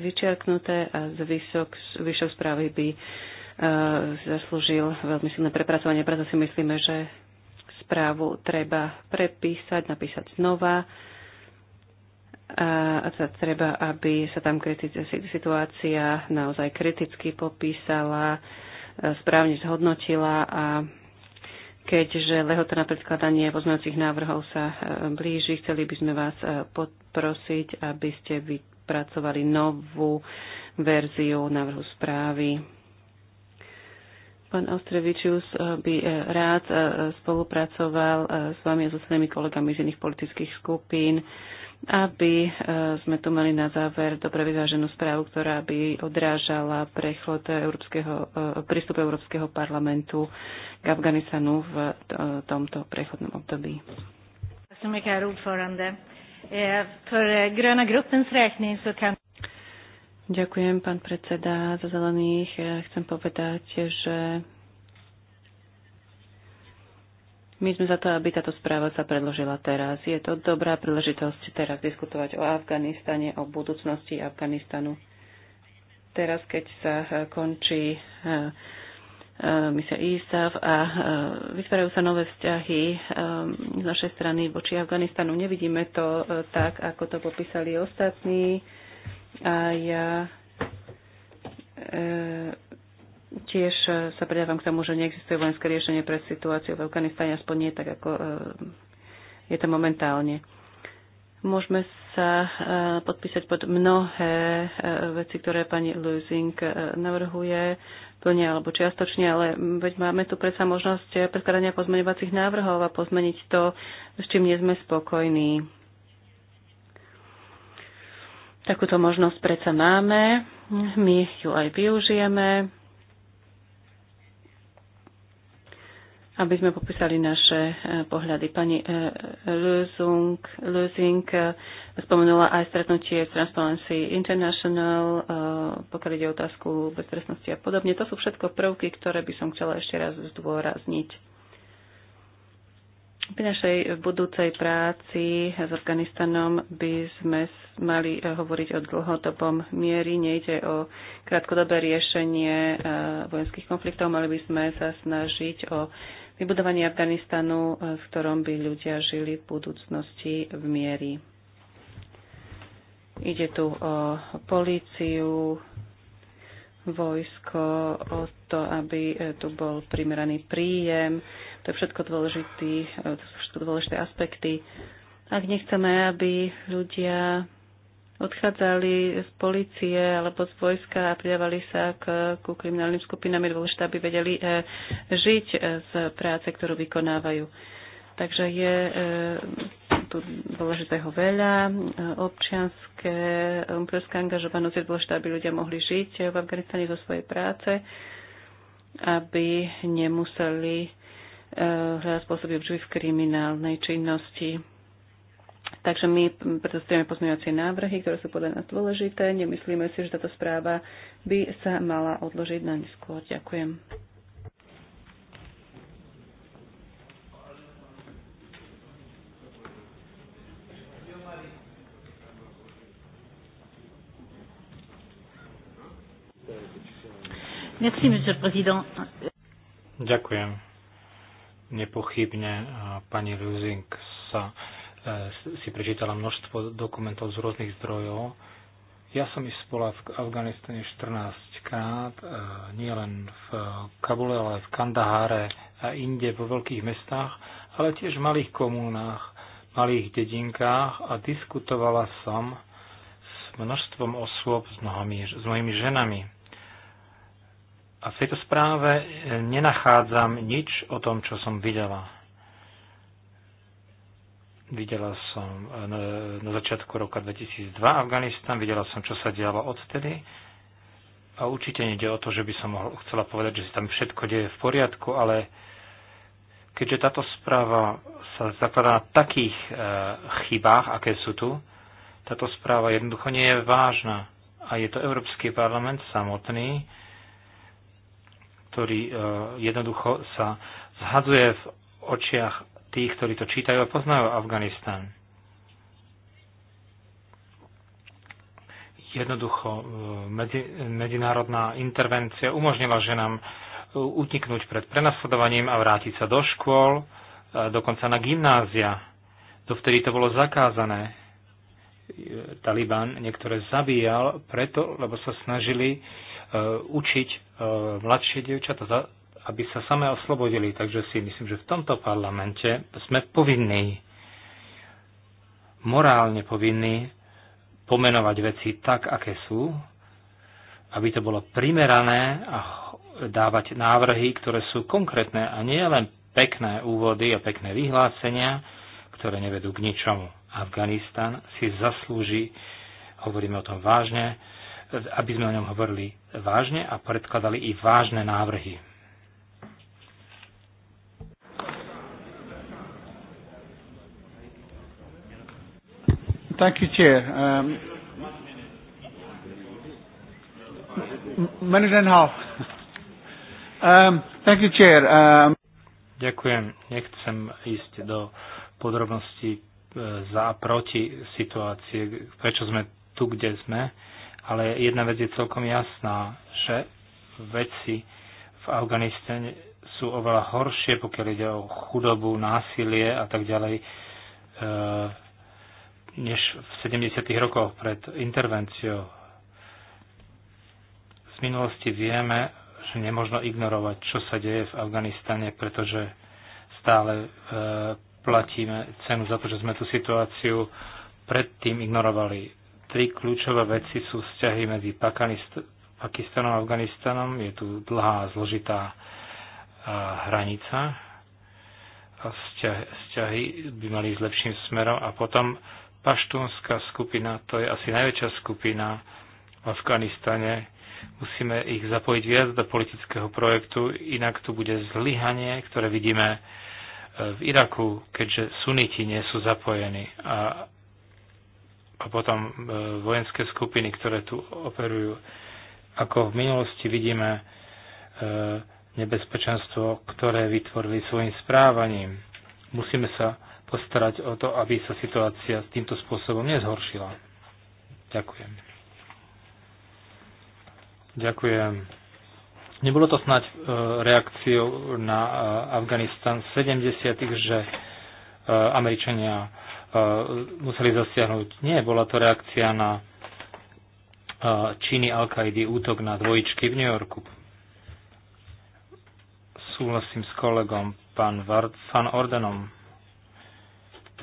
vyčerknuté a z vysok, vyššou správy by uh, zaslúžil veľmi silné prepracovanie. Preto si myslíme, že správu treba prepísať, napísať znova a treba, aby sa tam situácia naozaj kriticky popísala, e, správne zhodnotila a keďže lehota na predkladanie pozmeňujúcich návrhov sa e, blíži, chceli by sme vás e, poprosiť, aby ste vypracovali novú verziu návrhu správy. Pán Ostrevičius by rád spolupracoval s vami a so svojimi kolegami z iných politických skupín aby e, sme tu mali na záver dobre vyváženú správu, ktorá by odrážala prechod európskeho, e, prístupu Európskeho parlamentu k Afganistanu v e, tomto prechodnom období. Ďakujem, pán predseda. Za zelených chcem povedať, že My sme za to, aby táto správa sa predložila teraz. Je to dobrá príležitosť teraz diskutovať o Afganistane, o budúcnosti Afganistanu. Teraz, keď sa e, končí e, e, misia ISAF a vytvárajú sa nové vzťahy z našej strany voči Afganistanu, nevidíme to tak, ako to popísali ostatní. A ja Tiež e, sa pridávam k tomu, že neexistuje vojenské riešenie pre situáciu v Afganistane, aspoň nie tak, ako e, je to momentálne. Môžeme sa e, podpísať pod mnohé veci, ktoré pani Lusing navrhuje plne alebo čiastočne, ale veď máme tu predsa možnosť predkladania pozmeňovacích návrhov a pozmeniť to, s čím nie sme spokojní. Takúto možnosť predsa máme, my ju aj využijeme. aby sme popísali naše e, pohľady. Pani e, Lösung, Lösing e, spomenula aj stretnutie Transparency International, pokiaľ ide o otázku bezpresnosti a podobne. To sú všetko prvky, ktoré by som chcela ešte raz zdôrazniť. Pri našej budúcej práci s Afganistanom by sme mali hovoriť o dlhodobom miery. Nejde o krátkodobé riešenie vojenských konfliktov, mali by sme sa snažiť o vybudovanie Afganistanu, e, v ktorom by ľudia žili v budúcnosti v miery. Ide tu o políciu, vojsko, o to, aby e, tu bol primeraný príjem. To je všetko dôležité, e, to sú všetko dôležité aspekty. Ak nechceme, aby ľudia odchádzali z policie alebo z vojska a pridávali sa k, ku kriminálnym skupinám, je dôležité, aby vedeli e, žiť e, z práce, ktorú vykonávajú. Takže je e, tu dôležitého veľa. Občianské, občianská angažovanosť je dôležité, aby ľudia mohli žiť v Afganistane zo svojej práce, aby nemuseli hľadať spôsoby obživy v kriminálnej činnosti. Takže my predstavujeme pozmeňovacie návrhy, ktoré sú podľa nás dôležité. Nemyslíme si, že táto správa by sa mala odložiť na neskôr. Ďakujem. Merci, monsieur le président. Ďakujem. Nepochybne pani Lusing sa Eh, si prečítala množstvo dokumentov z rôznych zdrojov. Ja som ísť bola v Afganistane 14 krát, eh, nie len v Kabule, ale aj v Kandaháre a inde vo veľkých mestách, ale tiež v malých komunách, malých dedinkách a diskutovala som s množstvom osôb, s, mnohami, s mojimi ženami. A v tejto správe eh, nenachádzam nič o tom, čo som videla Videla som eh, na začiatku roka 2002 Afganistan, videla som, čo sa dialo odtedy. A určite nejde o to, že by som mohol, chcela povedať, že si tam všetko deje v poriadku, ale keďže táto správa sa zakladá na takých e, chybách, aké sú tu, táto správa jednoducho nie je vážna. A je to Európsky parlament samotný, ktorý e, jednoducho sa zhadzuje v očiach tých, ktorí to čítajú a poznajú Afganistan. Jednoducho, e, medzi, medzinárodná intervencia umožnila ženám e, uniknúť pred prenasledovaním a vrátiť sa do škôl, e, dokonca na gymnázia. Dovtedy to bolo zakázané. Taliban niektoré zabíjal preto, lebo sa snažili učiť mladšie dievčatá aby sa samé oslobodili. Takže si myslím, že v tomto parlamente sme povinní, morálne povinní pomenovať veci tak, aké sú, aby to bolo primerané a dávať návrhy, ktoré sú konkrétne a nie len pekné úvody a pekné vyhlásenia, ktoré nevedú k ničomu. Afganistan si zaslúži, hovoríme o tom vážne, aby sme o ňom hovorili vážne a predkladali i vážne návrhy. Thank you, Chair. Um, minute and a half. Um, thank you, Chair. Um, Ďakujem. Nechcem ísť do podrobností e, za a proti situácie, prečo sme tu, kde sme, ale jedna vec je celkom jasná, že veci v Afganistane sú oveľa horšie, pokiaľ ide o chudobu, násilie a tak ďalej, e, než v 70. rokoch pred intervenciou. Z minulosti vieme, že nemožno ignorovať, čo sa deje v Afganistane, pretože stále e, platíme cenu za to, že sme tú situáciu predtým ignorovali. Tri kľúčové veci sú vzťahy medzi Pakistanom a Afganistanom. Je tu dlhá, zložitá e, hranica a vzťahy by mali ísť lepším smerom a potom paštúnska skupina, to je asi najväčšia skupina v Afganistane. Musíme ich zapojiť viac do politického projektu, inak tu bude zlyhanie, ktoré vidíme e, v Iraku, keďže suniti nie sú zapojení. A, a potom e, vojenské skupiny, ktoré tu operujú. Ako v minulosti vidíme e, nebezpečenstvo, ktoré vytvorili svojim správaním. Musíme sa postarať o to, aby sa situácia týmto spôsobom nezhoršila. Ďakujem. Ďakujem. Nebolo to snáď e, reakciou na e, Afganistan 70., že e, Američania museli zasiahnuť. Nie, bola to reakcia na Číny Al-Kaidi útok na dvojičky v New Yorku. Súhlasím s kolegom pán Vard, Van Ordenom.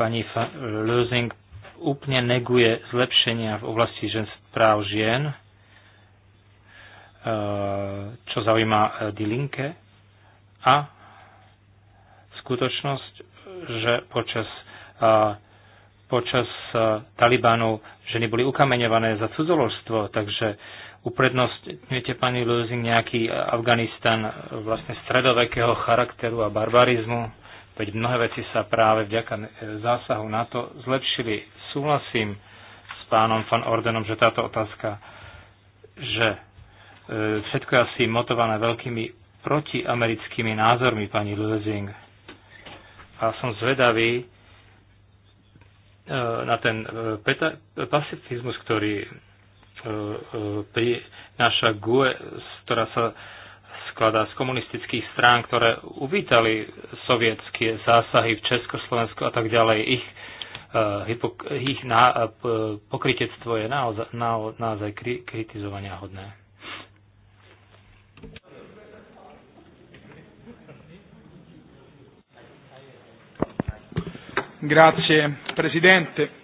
Pani Lösing úplne neguje zlepšenia v oblasti práv žien, e, čo zaujíma e, Die Linke a skutočnosť, že počas, e, počas Talibánov ženy boli ukameňované za cudzoložstvo, takže uprednostňujete, pani Lösing, nejaký Afganistan vlastne stredovekého charakteru a barbarizmu? Veď mnohé veci sa práve vďaka e, zásahu na to zlepšili. Súhlasím s pánom van Ordenom, že táto otázka, že e, všetko je asi motované veľkými protiamerickými názormi, pani Lezing. A som zvedavý e, na ten pacifizmus, ktorý prináša GUE, ktorá sa skladá z komunistických strán, ktoré uvítali sovietské zásahy v Československu a tak ďalej. Ich, eh, ich na, eh, pokrytectvo je naozaj, na, naozaj kritizovania hodné. Grazie Presidente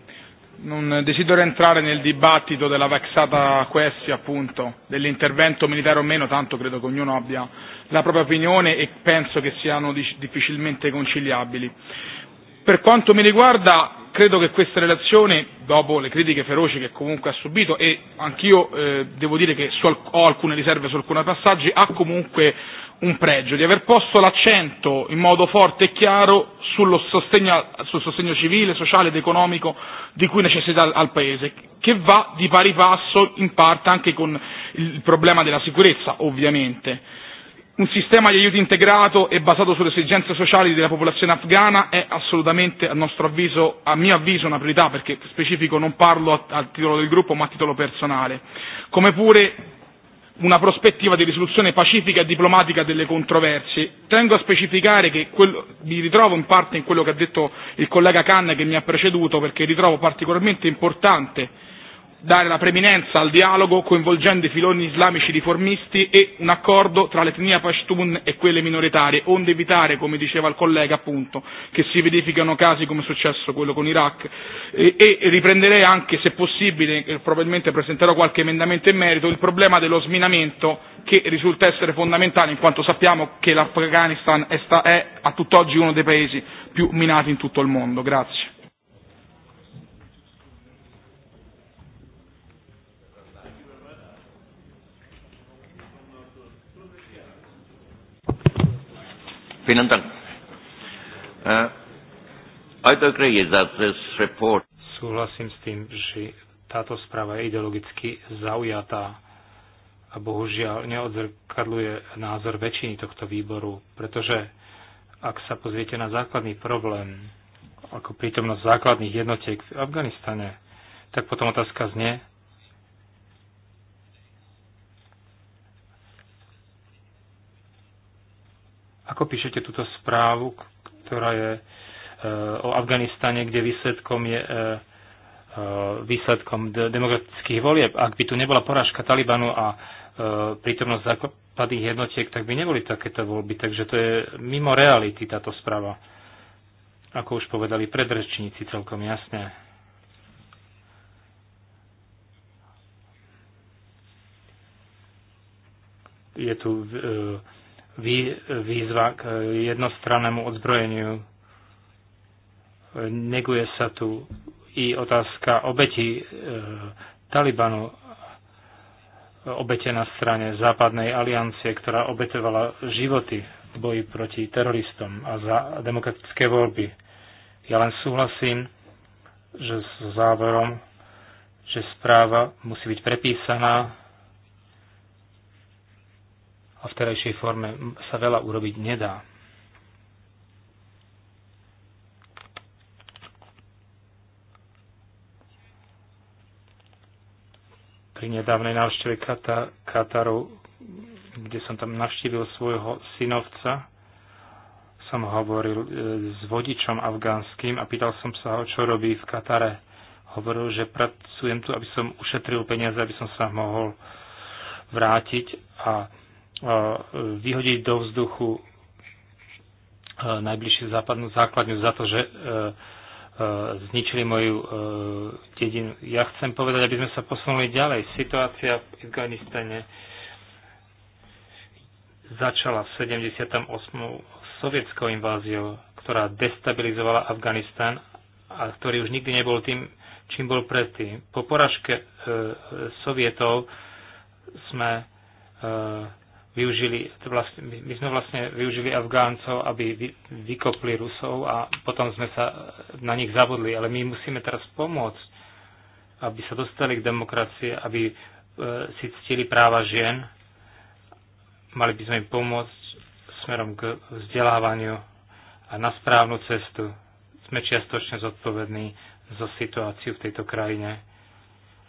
non desidero entrare nel dibattito della vexata questia appunto, dell'intervento militare o meno, tanto credo che ognuno abbia la propria opinione e penso che siano difficilmente conciliabili. Per quanto mi riguarda, credo che questa relazione, dopo le critiche feroci che comunque ha subito, e anch'io eh, devo dire che su, ho alcune riserve su alcuni passaggi, ha comunque un pregio, di aver posto l'accento in modo forte e chiaro sullo sostegno, sul sostegno civile, sociale ed economico di cui necessita al Paese, che va di pari passo in parte anche con il problema della sicurezza, ovviamente. Un sistema di aiuti integrato e basato sulle esigenze sociali della popolazione afghana è assolutamente, a, nostro avviso, a mio avviso, una priorità, perché specifico non parlo a, a titolo del gruppo ma a titolo personale. Come pure una prospettiva di risoluzione pacifica e diplomatica delle controversie. Tengo a specificare che quello, mi ritrovo in parte in quello che ha detto il collega Canna che mi ha preceduto perché ritrovo particolarmente importante dare la preminenza al dialogo coinvolgendo i filoni islamici riformisti e un accordo tra l'etnia Pashtun e quelle minoritarie, onde evitare, come diceva il collega appunto, che si verificano casi come è successo quello con Iraq e, e riprenderei anche se possibile, e probabilmente presenterò qualche emendamento in merito, il problema dello sminamento che risulta essere fondamentale in quanto sappiamo che l'Afghanistan è, sta, è a tutt'oggi uno dei paesi più minati in tutto il mondo. Grazie. Vielen Uh, I'd agree that this report... Súhlasím s tým, že táto správa je ideologicky zaujatá a bohužiaľ neodzrkadluje názor väčšiny tohto výboru, pretože ak sa pozriete na základný problém, ako prítomnosť základných jednotiek v Afganistane, tak potom otázka znie, Ako píšete túto správu, ktorá je e, o Afganistane, kde výsledkom je e, e, výsledkom demokratických volieb. Ak by tu nebola porážka Talibanu a prítomnosť západných jednotiek, tak by neboli takéto voľby. Takže to je mimo reality táto správa. Ako už povedali predrečníci celkom jasne. Je tu výzva k jednostrannému odzbrojeniu. Neguje sa tu i otázka obeti e, Talibanu, obete na strane západnej aliancie, ktorá obetovala životy v boji proti teroristom a za demokratické voľby. Ja len súhlasím, že s záverom, že správa musí byť prepísaná v terajšej forme sa veľa urobiť nedá. Pri nedávnej návšteve Kata, Kataru, kde som tam navštívil svojho synovca, som hovoril e, s vodičom afgánským a pýtal som sa ho, čo robí v Katare. Hovoril, že pracujem tu, aby som ušetril peniaze, aby som sa mohol vrátiť a E, vyhodiť do vzduchu e, najbližšiu západnú základňu za to, že e, zničili moju dedinu. Ja chcem povedať, aby sme sa posunuli ďalej. Situácia v Afganistane začala v 78. sovietskou inváziou, ktorá destabilizovala Afganistan a ktorý už nikdy nebol tým, čím bol predtým. Po poražke e, Sovietov sme e, využili, vlastne, my sme vlastne využili Afgáncov, aby vykopli Rusov a potom sme sa na nich zabudli. Ale my musíme teraz pomôcť, aby sa dostali k demokracii, aby e, si ctili práva žien. Mali by sme im pomôcť smerom k vzdelávaniu a na správnu cestu. Sme čiastočne zodpovední za situáciu v tejto krajine.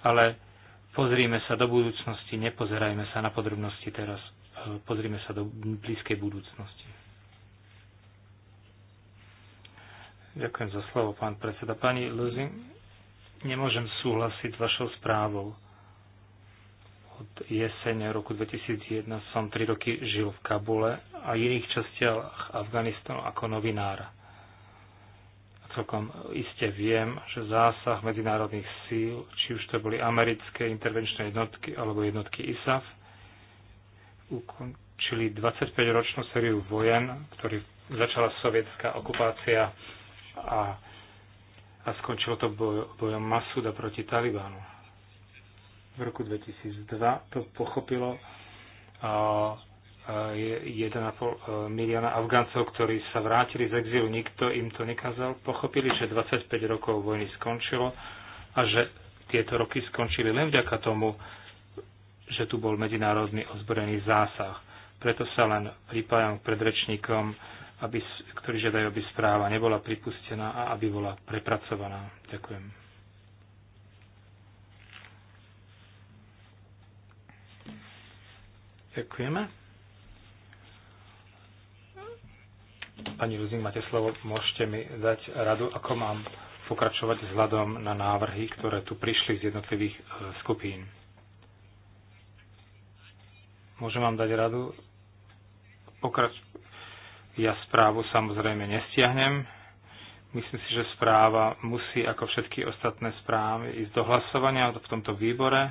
Ale pozrime sa do budúcnosti, nepozerajme sa na podrobnosti teraz pozrieme sa do blízkej budúcnosti. Ďakujem za slovo, pán predseda. Pani Luzi, nemôžem súhlasiť s vašou správou. Od jesene roku 2001 som 3 roky žil v Kabule a iných častiach Afganistanu ako novinára. A celkom iste viem, že zásah medzinárodných síl, či už to boli americké intervenčné jednotky alebo jednotky ISAF, ukončili 25-ročnú sériu vojen, ktorý začala sovietská okupácia a, a skončilo to boj, bojom Masuda proti Talibánu. V roku 2002 to pochopilo a, 1,5 e, milióna Afgáncov, ktorí sa vrátili z exílu, nikto im to nekázal, pochopili, že 25 rokov vojny skončilo a že tieto roky skončili len vďaka tomu, že tu bol medzinárodný ozbrojený zásah. Preto sa len pripájam k predrečníkom, aby, ktorí žiadajú, aby správa nebola pripustená a aby bola prepracovaná. Ďakujem. Ďakujeme. Pani Ruzing, máte slovo, môžete mi dať radu, ako mám pokračovať vzhľadom na návrhy, ktoré tu prišli z jednotlivých e, skupín. Môžem vám dať radu? Pokrač... Ja správu samozrejme nestiahnem. Myslím si, že správa musí, ako všetky ostatné správy, ísť do hlasovania v tomto výbore.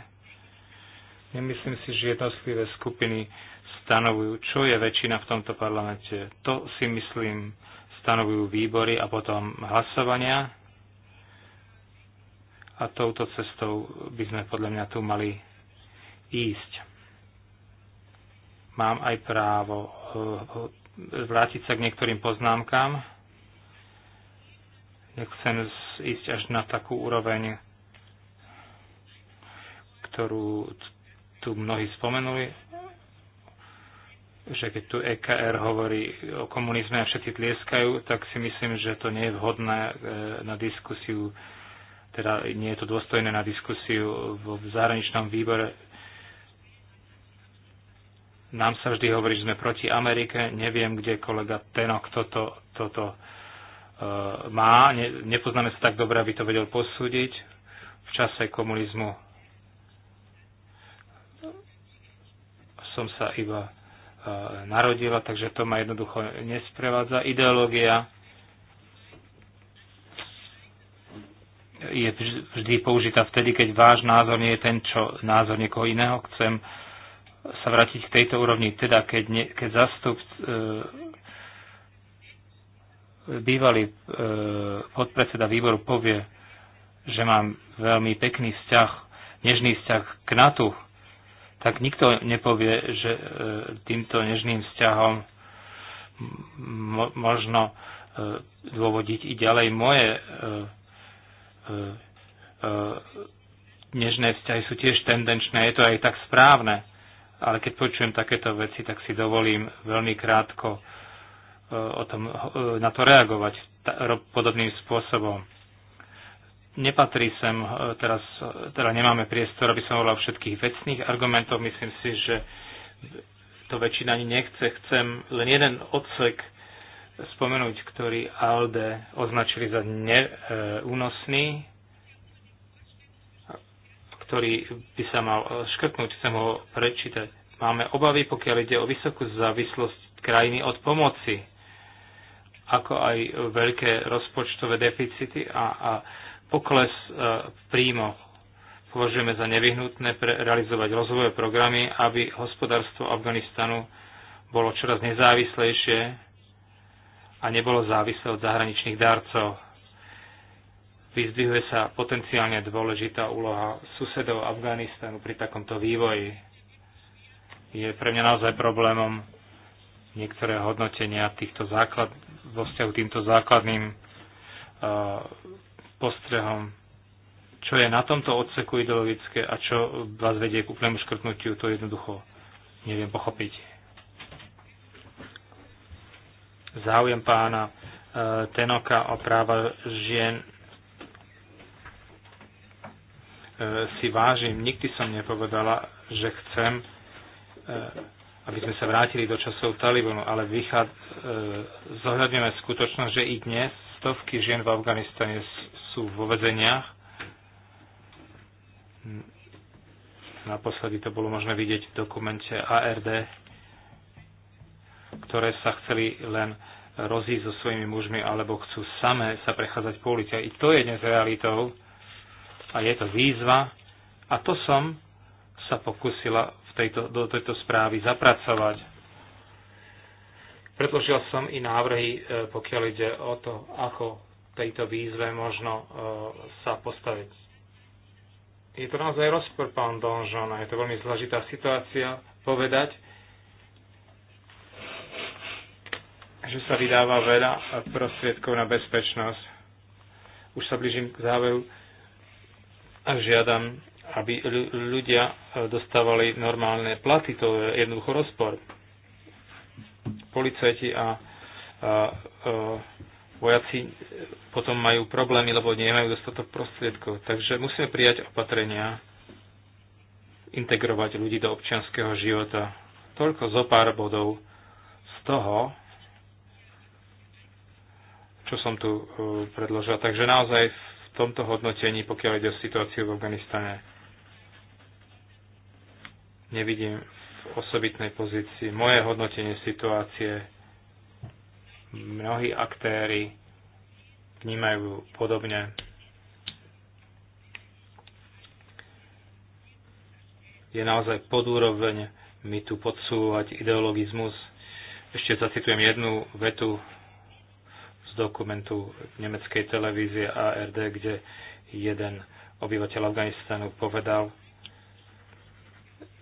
Nemyslím si, že jednotlivé skupiny stanovujú, čo je väčšina v tomto parlamente. To si myslím, stanovujú výbory a potom hlasovania. A touto cestou by sme podľa mňa tu mali ísť mám aj právo eh, vrátiť sa k niektorým poznámkam. Nechcem ísť až na takú úroveň, ktorú tu mnohí spomenuli, že keď tu EKR hovorí o komunizme a všetci tlieskajú, tak si myslím, že to nie je vhodné eh, na diskusiu, teda nie je to dôstojné na diskusiu v zahraničnom výbore nám sa vždy hovorí, že sme proti Amerike. Neviem, kde kolega Tenok toto, toto e, má. Ne, nepoznáme sa tak dobre, aby to vedel posúdiť. V čase komunizmu som sa iba e, narodila, takže to ma jednoducho nesprevádza. Ideológia je vždy použitá vtedy, keď váš názor nie je ten, čo názor niekoho iného. Chcem sa vrátiť k tejto úrovni, teda keď, ne, keď zastup e, bývalý e, podpredseda výboru povie, že mám veľmi pekný vzťah, nežný vzťah k NATO, tak nikto nepovie, že e, týmto nežným vzťahom mo, možno e, dôvodiť i ďalej moje e, e, e, nežné vzťahy sú tiež tendenčné, je to aj tak správne ale keď počujem takéto veci, tak si dovolím veľmi krátko e, o tom, e, na to reagovať podobným spôsobom. Nepatrí sem e, teraz, teda nemáme priestor, aby som hovoril všetkých vecných argumentov. Myslím si, že to väčšina ani nechce. Chcem len jeden odsek spomenúť, ktorý ALDE označili za neúnosný ktorý by sa mal e, škrtnúť, chcem ho prečítať. Máme obavy, pokiaľ ide o vysokú závislosť krajiny od pomoci, ako aj veľké rozpočtové deficity a, a pokles v e, príjmoch. Považujeme za nevyhnutné pre realizovať rozvojové programy, aby hospodárstvo Afganistanu bolo čoraz nezávislejšie a nebolo závislé od zahraničných darcov vyzdvihuje sa potenciálne dôležitá úloha susedov Afganistanu pri takomto vývoji. Je pre mňa naozaj problémom niektoré hodnotenia týchto základ, vo vzťahu týmto základným uh, postrehom, čo je na tomto odseku ideologické a čo vás vedie k úplnému škrtnutiu, to jednoducho neviem pochopiť. Záujem pána e, Tenoka o práva žien si vážim. Nikdy som nepovedala, že chcem, e, aby sme sa vrátili do časov Talibanu, ale vychádz, e, zohľadňujeme skutočnosť, že i dnes stovky žien v Afganistane sú vo vezeniach. Naposledy to bolo možné vidieť v dokumente ARD, ktoré sa chceli len rozísť so svojimi mužmi alebo chcú samé sa prechádzať po ulici. I to je dnes realitou a je to výzva a to som sa pokusila v tejto, do tejto správy zapracovať. Predložil som i návrhy, e, pokiaľ ide o to, ako tejto výzve možno e, sa postaviť je to naozaj rozpor, pán Donžon, a je to veľmi zložitá situácia povedať, že sa vydáva veľa prostriedkov na bezpečnosť. Už sa blížim k záveru a žiadam, aby ľudia dostávali normálne platy. To je jednoducho rozpor. Policajti a, a, a vojaci potom majú problémy, lebo nemajú dostatok prostriedkov. Takže musíme prijať opatrenia, integrovať ľudí do občianského života. Toľko zo pár bodov z toho, čo som tu e, predložil. Takže naozaj tomto hodnotení, pokiaľ ide o situáciu v Afganistane. Nevidím v osobitnej pozícii. Moje hodnotenie situácie mnohí aktéry vnímajú podobne. Je naozaj podúroveň mi tu podsúvať ideologizmus. Ešte zacitujem jednu vetu dokumentu nemeckej televízie ARD, kde jeden obyvateľ Afganistanu povedal,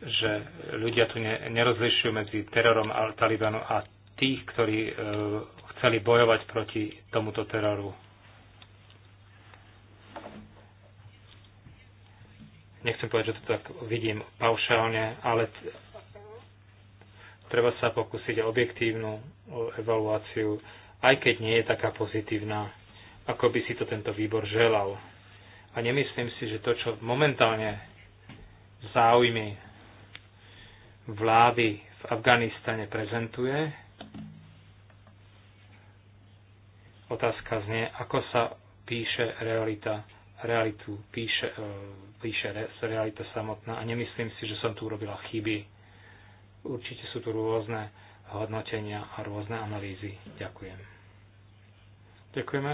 že ľudia tu nerozlišujú medzi terorom a Talibanu a tých, ktorí e, chceli bojovať proti tomuto teroru. Nechcem povedať, že to tak vidím paušálne, ale treba sa pokúsiť o objektívnu evaluáciu aj keď nie je taká pozitívna, ako by si to tento výbor želal. A nemyslím si, že to, čo momentálne záujmy vlády v Afganistane prezentuje, otázka znie, ako sa píše realita, realitu píše, e, píše realita samotná a nemyslím si, že som tu urobila chyby. Určite sú tu rôzne hodnotenia a rôzne analýzy. Ďakujem. Ďakujeme.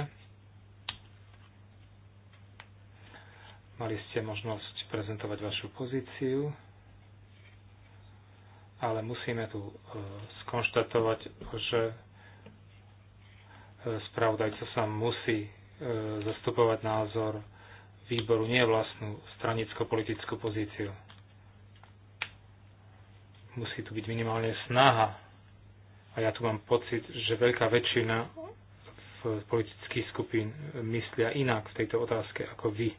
Mali ste možnosť prezentovať vašu pozíciu, ale musíme tu e, skonštatovať, že e, spravodajca sa musí e, zastupovať názor výboru, nie vlastnú stranicko-politickú pozíciu. Musí tu byť minimálne snaha. A ja tu mám pocit, že veľká väčšina politických skupín myslia inak v tejto otázke ako vy.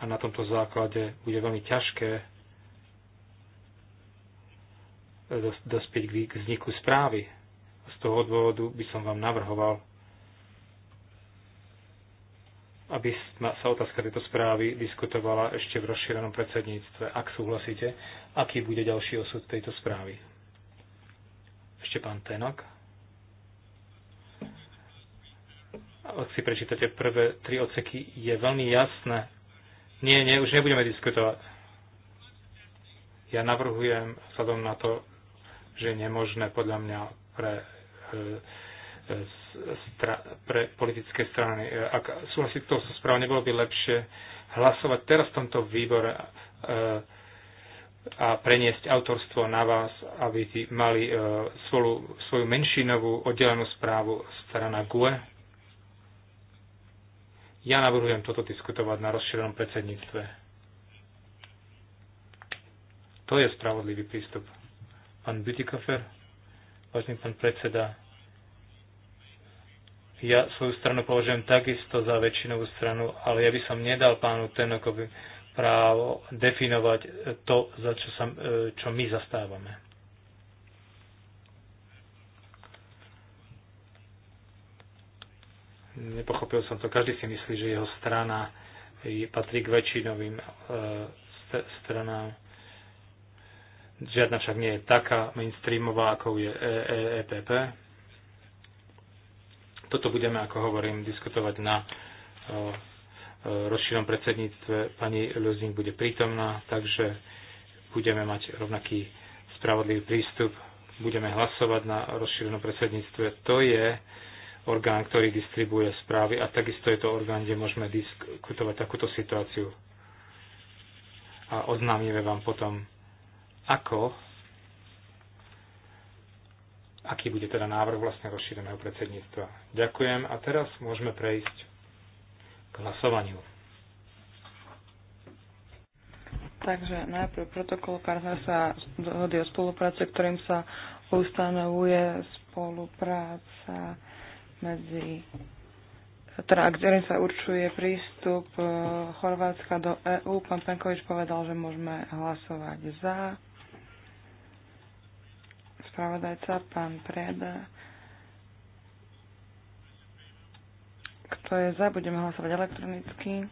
A na tomto základe bude veľmi ťažké dospieť k vzniku správy. Z toho dôvodu by som vám navrhoval, aby sa otázka tejto správy diskutovala ešte v rozšírenom predsedníctve, ak súhlasíte, aký bude ďalší osud tejto správy. Ešte pán Tenok. ak si prečítate prvé tri odseky, je veľmi jasné. Nie, nie, už nebudeme diskutovať. Ja navrhujem, vzhľadom na to, že je nemožné podľa mňa pre, e, e, stra, pre politické strany, e, ak súhlasiť toho so správou, nebolo by lepšie hlasovať teraz v tomto výbore a preniesť autorstvo na vás, aby mali svoju, svoju menšinovú oddelenú správu strana GUE, ja navrhujem toto diskutovať na rozšírenom predsedníctve. To je spravodlivý prístup. Pán Bütikofer, vážny pán predseda, ja svoju stranu považujem takisto za väčšinovú stranu, ale ja by som nedal pánu Tenokovi právo definovať to, za čo, sa, e, čo my zastávame. Nepochopil som to. Každý si myslí, že jeho strana patrí k väčšinovým e, stranám. Žiadna však nie je taká mainstreamová, ako je EPP. E, e Toto budeme, ako hovorím, diskutovať na rozšírom predsedníctve. Pani Lozing bude prítomná, takže budeme mať rovnaký spravodlivý prístup. Budeme hlasovať na rozšírenom predsedníctve. To je orgán, ktorý distribuje správy a takisto je to orgán, kde môžeme diskutovať takúto situáciu. A oznámime vám potom, ako, aký bude teda návrh vlastne rozšíreného predsedníctva. Ďakujem a teraz môžeme prejsť k hlasovaniu. Takže najprv protokol sa dohody o spolupráce, ktorým sa ustanovuje spolupráca medzi teda, ktorým sa určuje prístup e, Chorvátska do EÚ. Pán Penkovič povedal, že môžeme hlasovať za. Spravodajca, pán Preda. Kto je za, budeme hlasovať elektronicky.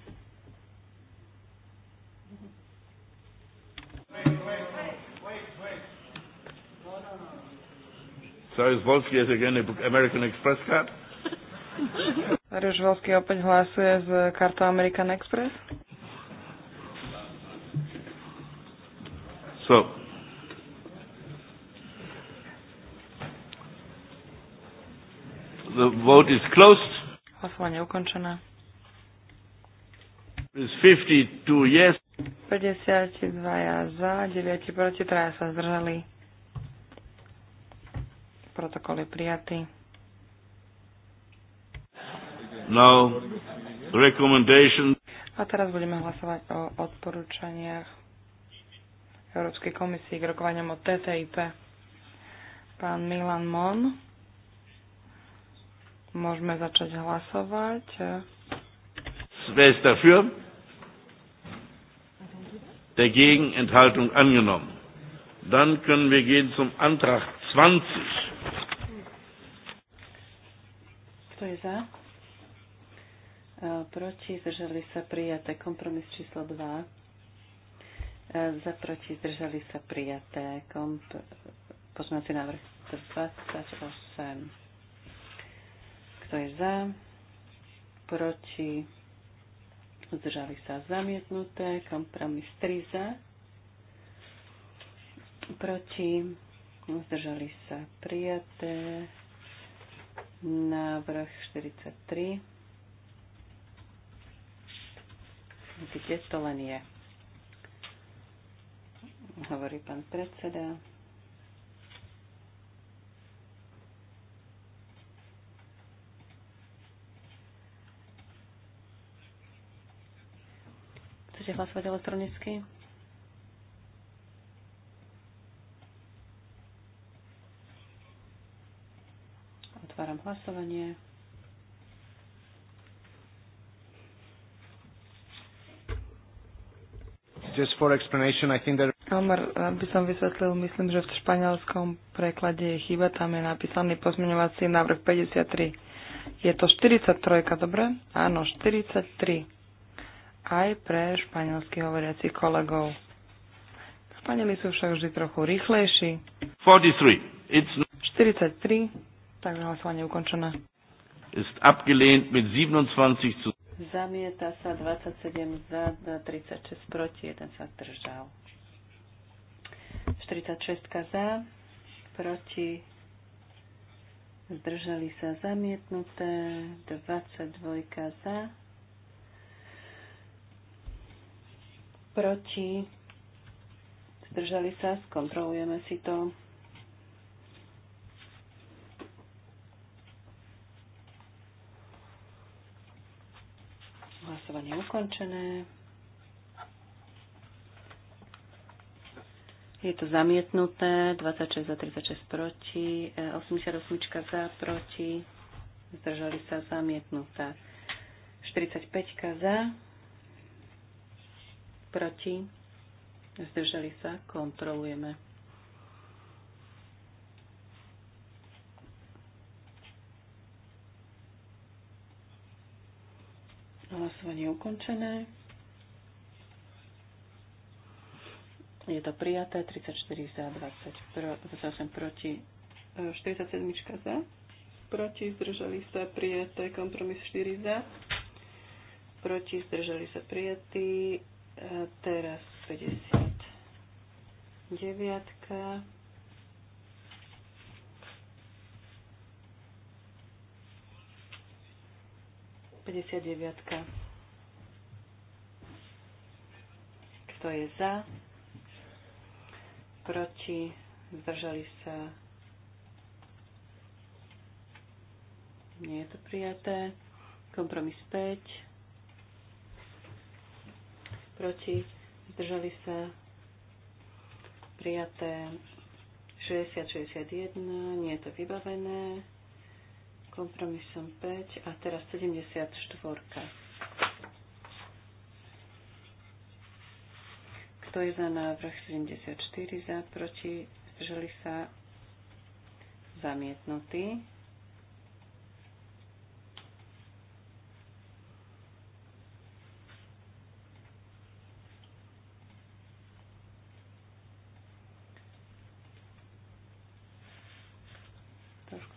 Cyrus Volsky has again an American Express card. Cyrus Volsky opäť hlasuje z kartou American Express. So, the vote is closed. Hlasovanie ukončené. Is 52 yes. 52 ja za, 9 proti, 3 sa zdržali. Protokol je prijatý. Now, recommendation. A teraz budeme hlasovať o odporúčaniach Európskej komisie k rokovaniam o TTIP. Pán Milan Mon. Môžeme začať hlasovať. dafür? Dagegen Enthaltung angenommen. Dann können wir gehen zum Antrag 20. Kto je za? E, proti zdržali sa prijaté. Kompromis číslo 2. E, za proti zdržali sa prijaté. Komp- si návrh 28. Kto je za? Proti zdržali sa zamietnuté. Kompromis 3 za. Proti zdržali sa prijaté. Návrh 43. Kde to len je? Hovorí pán predseda. Chcete hlasovať elektronicky? Otváram hlasovanie. Just for explanation, I think that... Omar, by som vysvetlil, myslím, že v španielskom preklade je chyba, tam je napísaný pozmeňovací návrh 53. Je to 43, dobre? Áno, 43. Aj pre španielsky hovoriacich kolegov. Španieli sú však vždy trochu rýchlejší. 43. It's... 43. Takže hlasovanie ukončené. Ist abgelehnt mit 27 zu... Zamieta sa 27 za, 36 proti, 1 sa zdržal. 46 za, proti, zdržali sa zamietnuté, 22 za, proti, zdržali sa, skontrolujeme si to. Hlasovanie je ukončené. Je to zamietnuté, 26 za 36 proti, 88 e, za proti, zdržali sa zamietnuté. 45 za, proti, zdržali sa, kontrolujeme. Hlasovanie je ukončené. Je to prijaté 34 za 20 pro, 28 proti 47 e, za. Proti zdržali sa prijaté kompromis 4 za. Proti zdržali sa prijatí. E, teraz 59. 59. Kto je za? Proti? Zdržali sa? Nie je to prijaté. Kompromis 5. Proti? Zdržali sa? Prijaté. 60-61. Nie je to vybavené kompromisom 5 a teraz 74. Kto je za návrh 74 za, proti, zdržali sa, zamietnutí.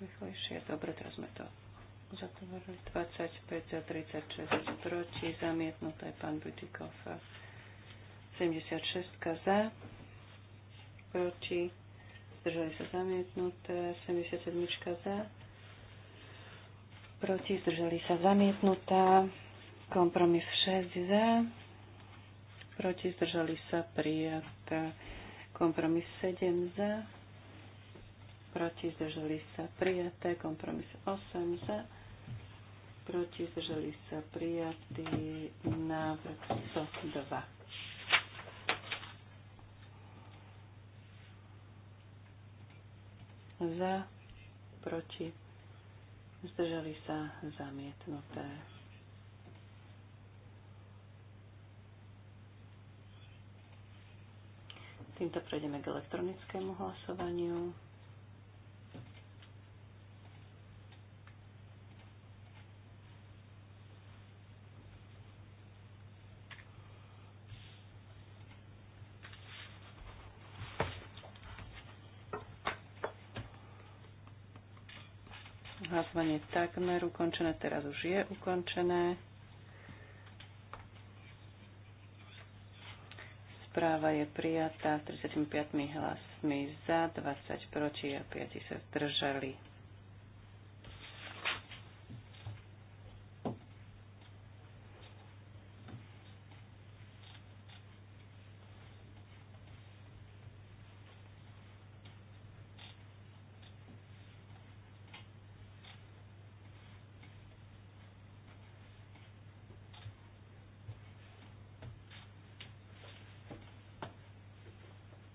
rýchlejšie. Dobre, teraz sme to zatvorili. 25 za 36 proti, zamietnuté pán Budikov. 76 e, za, proti, zdržali sa zamietnuté, 77 za, proti, zdržali sa zamietnutá, kompromis 6 za, proti, zdržali sa prijatá, kompromis 7 za, proti zdržali sa prijaté, kompromis 8 za, proti zdržali sa prijatý návrh 102. Za, proti, zdržali sa zamietnuté. Týmto prejdeme k elektronickému hlasovaniu. hlasovanie takmer ukončené, teraz už je ukončené. Správa je prijatá s 35 hlasmi za, 20 proti a 5 sa zdržali.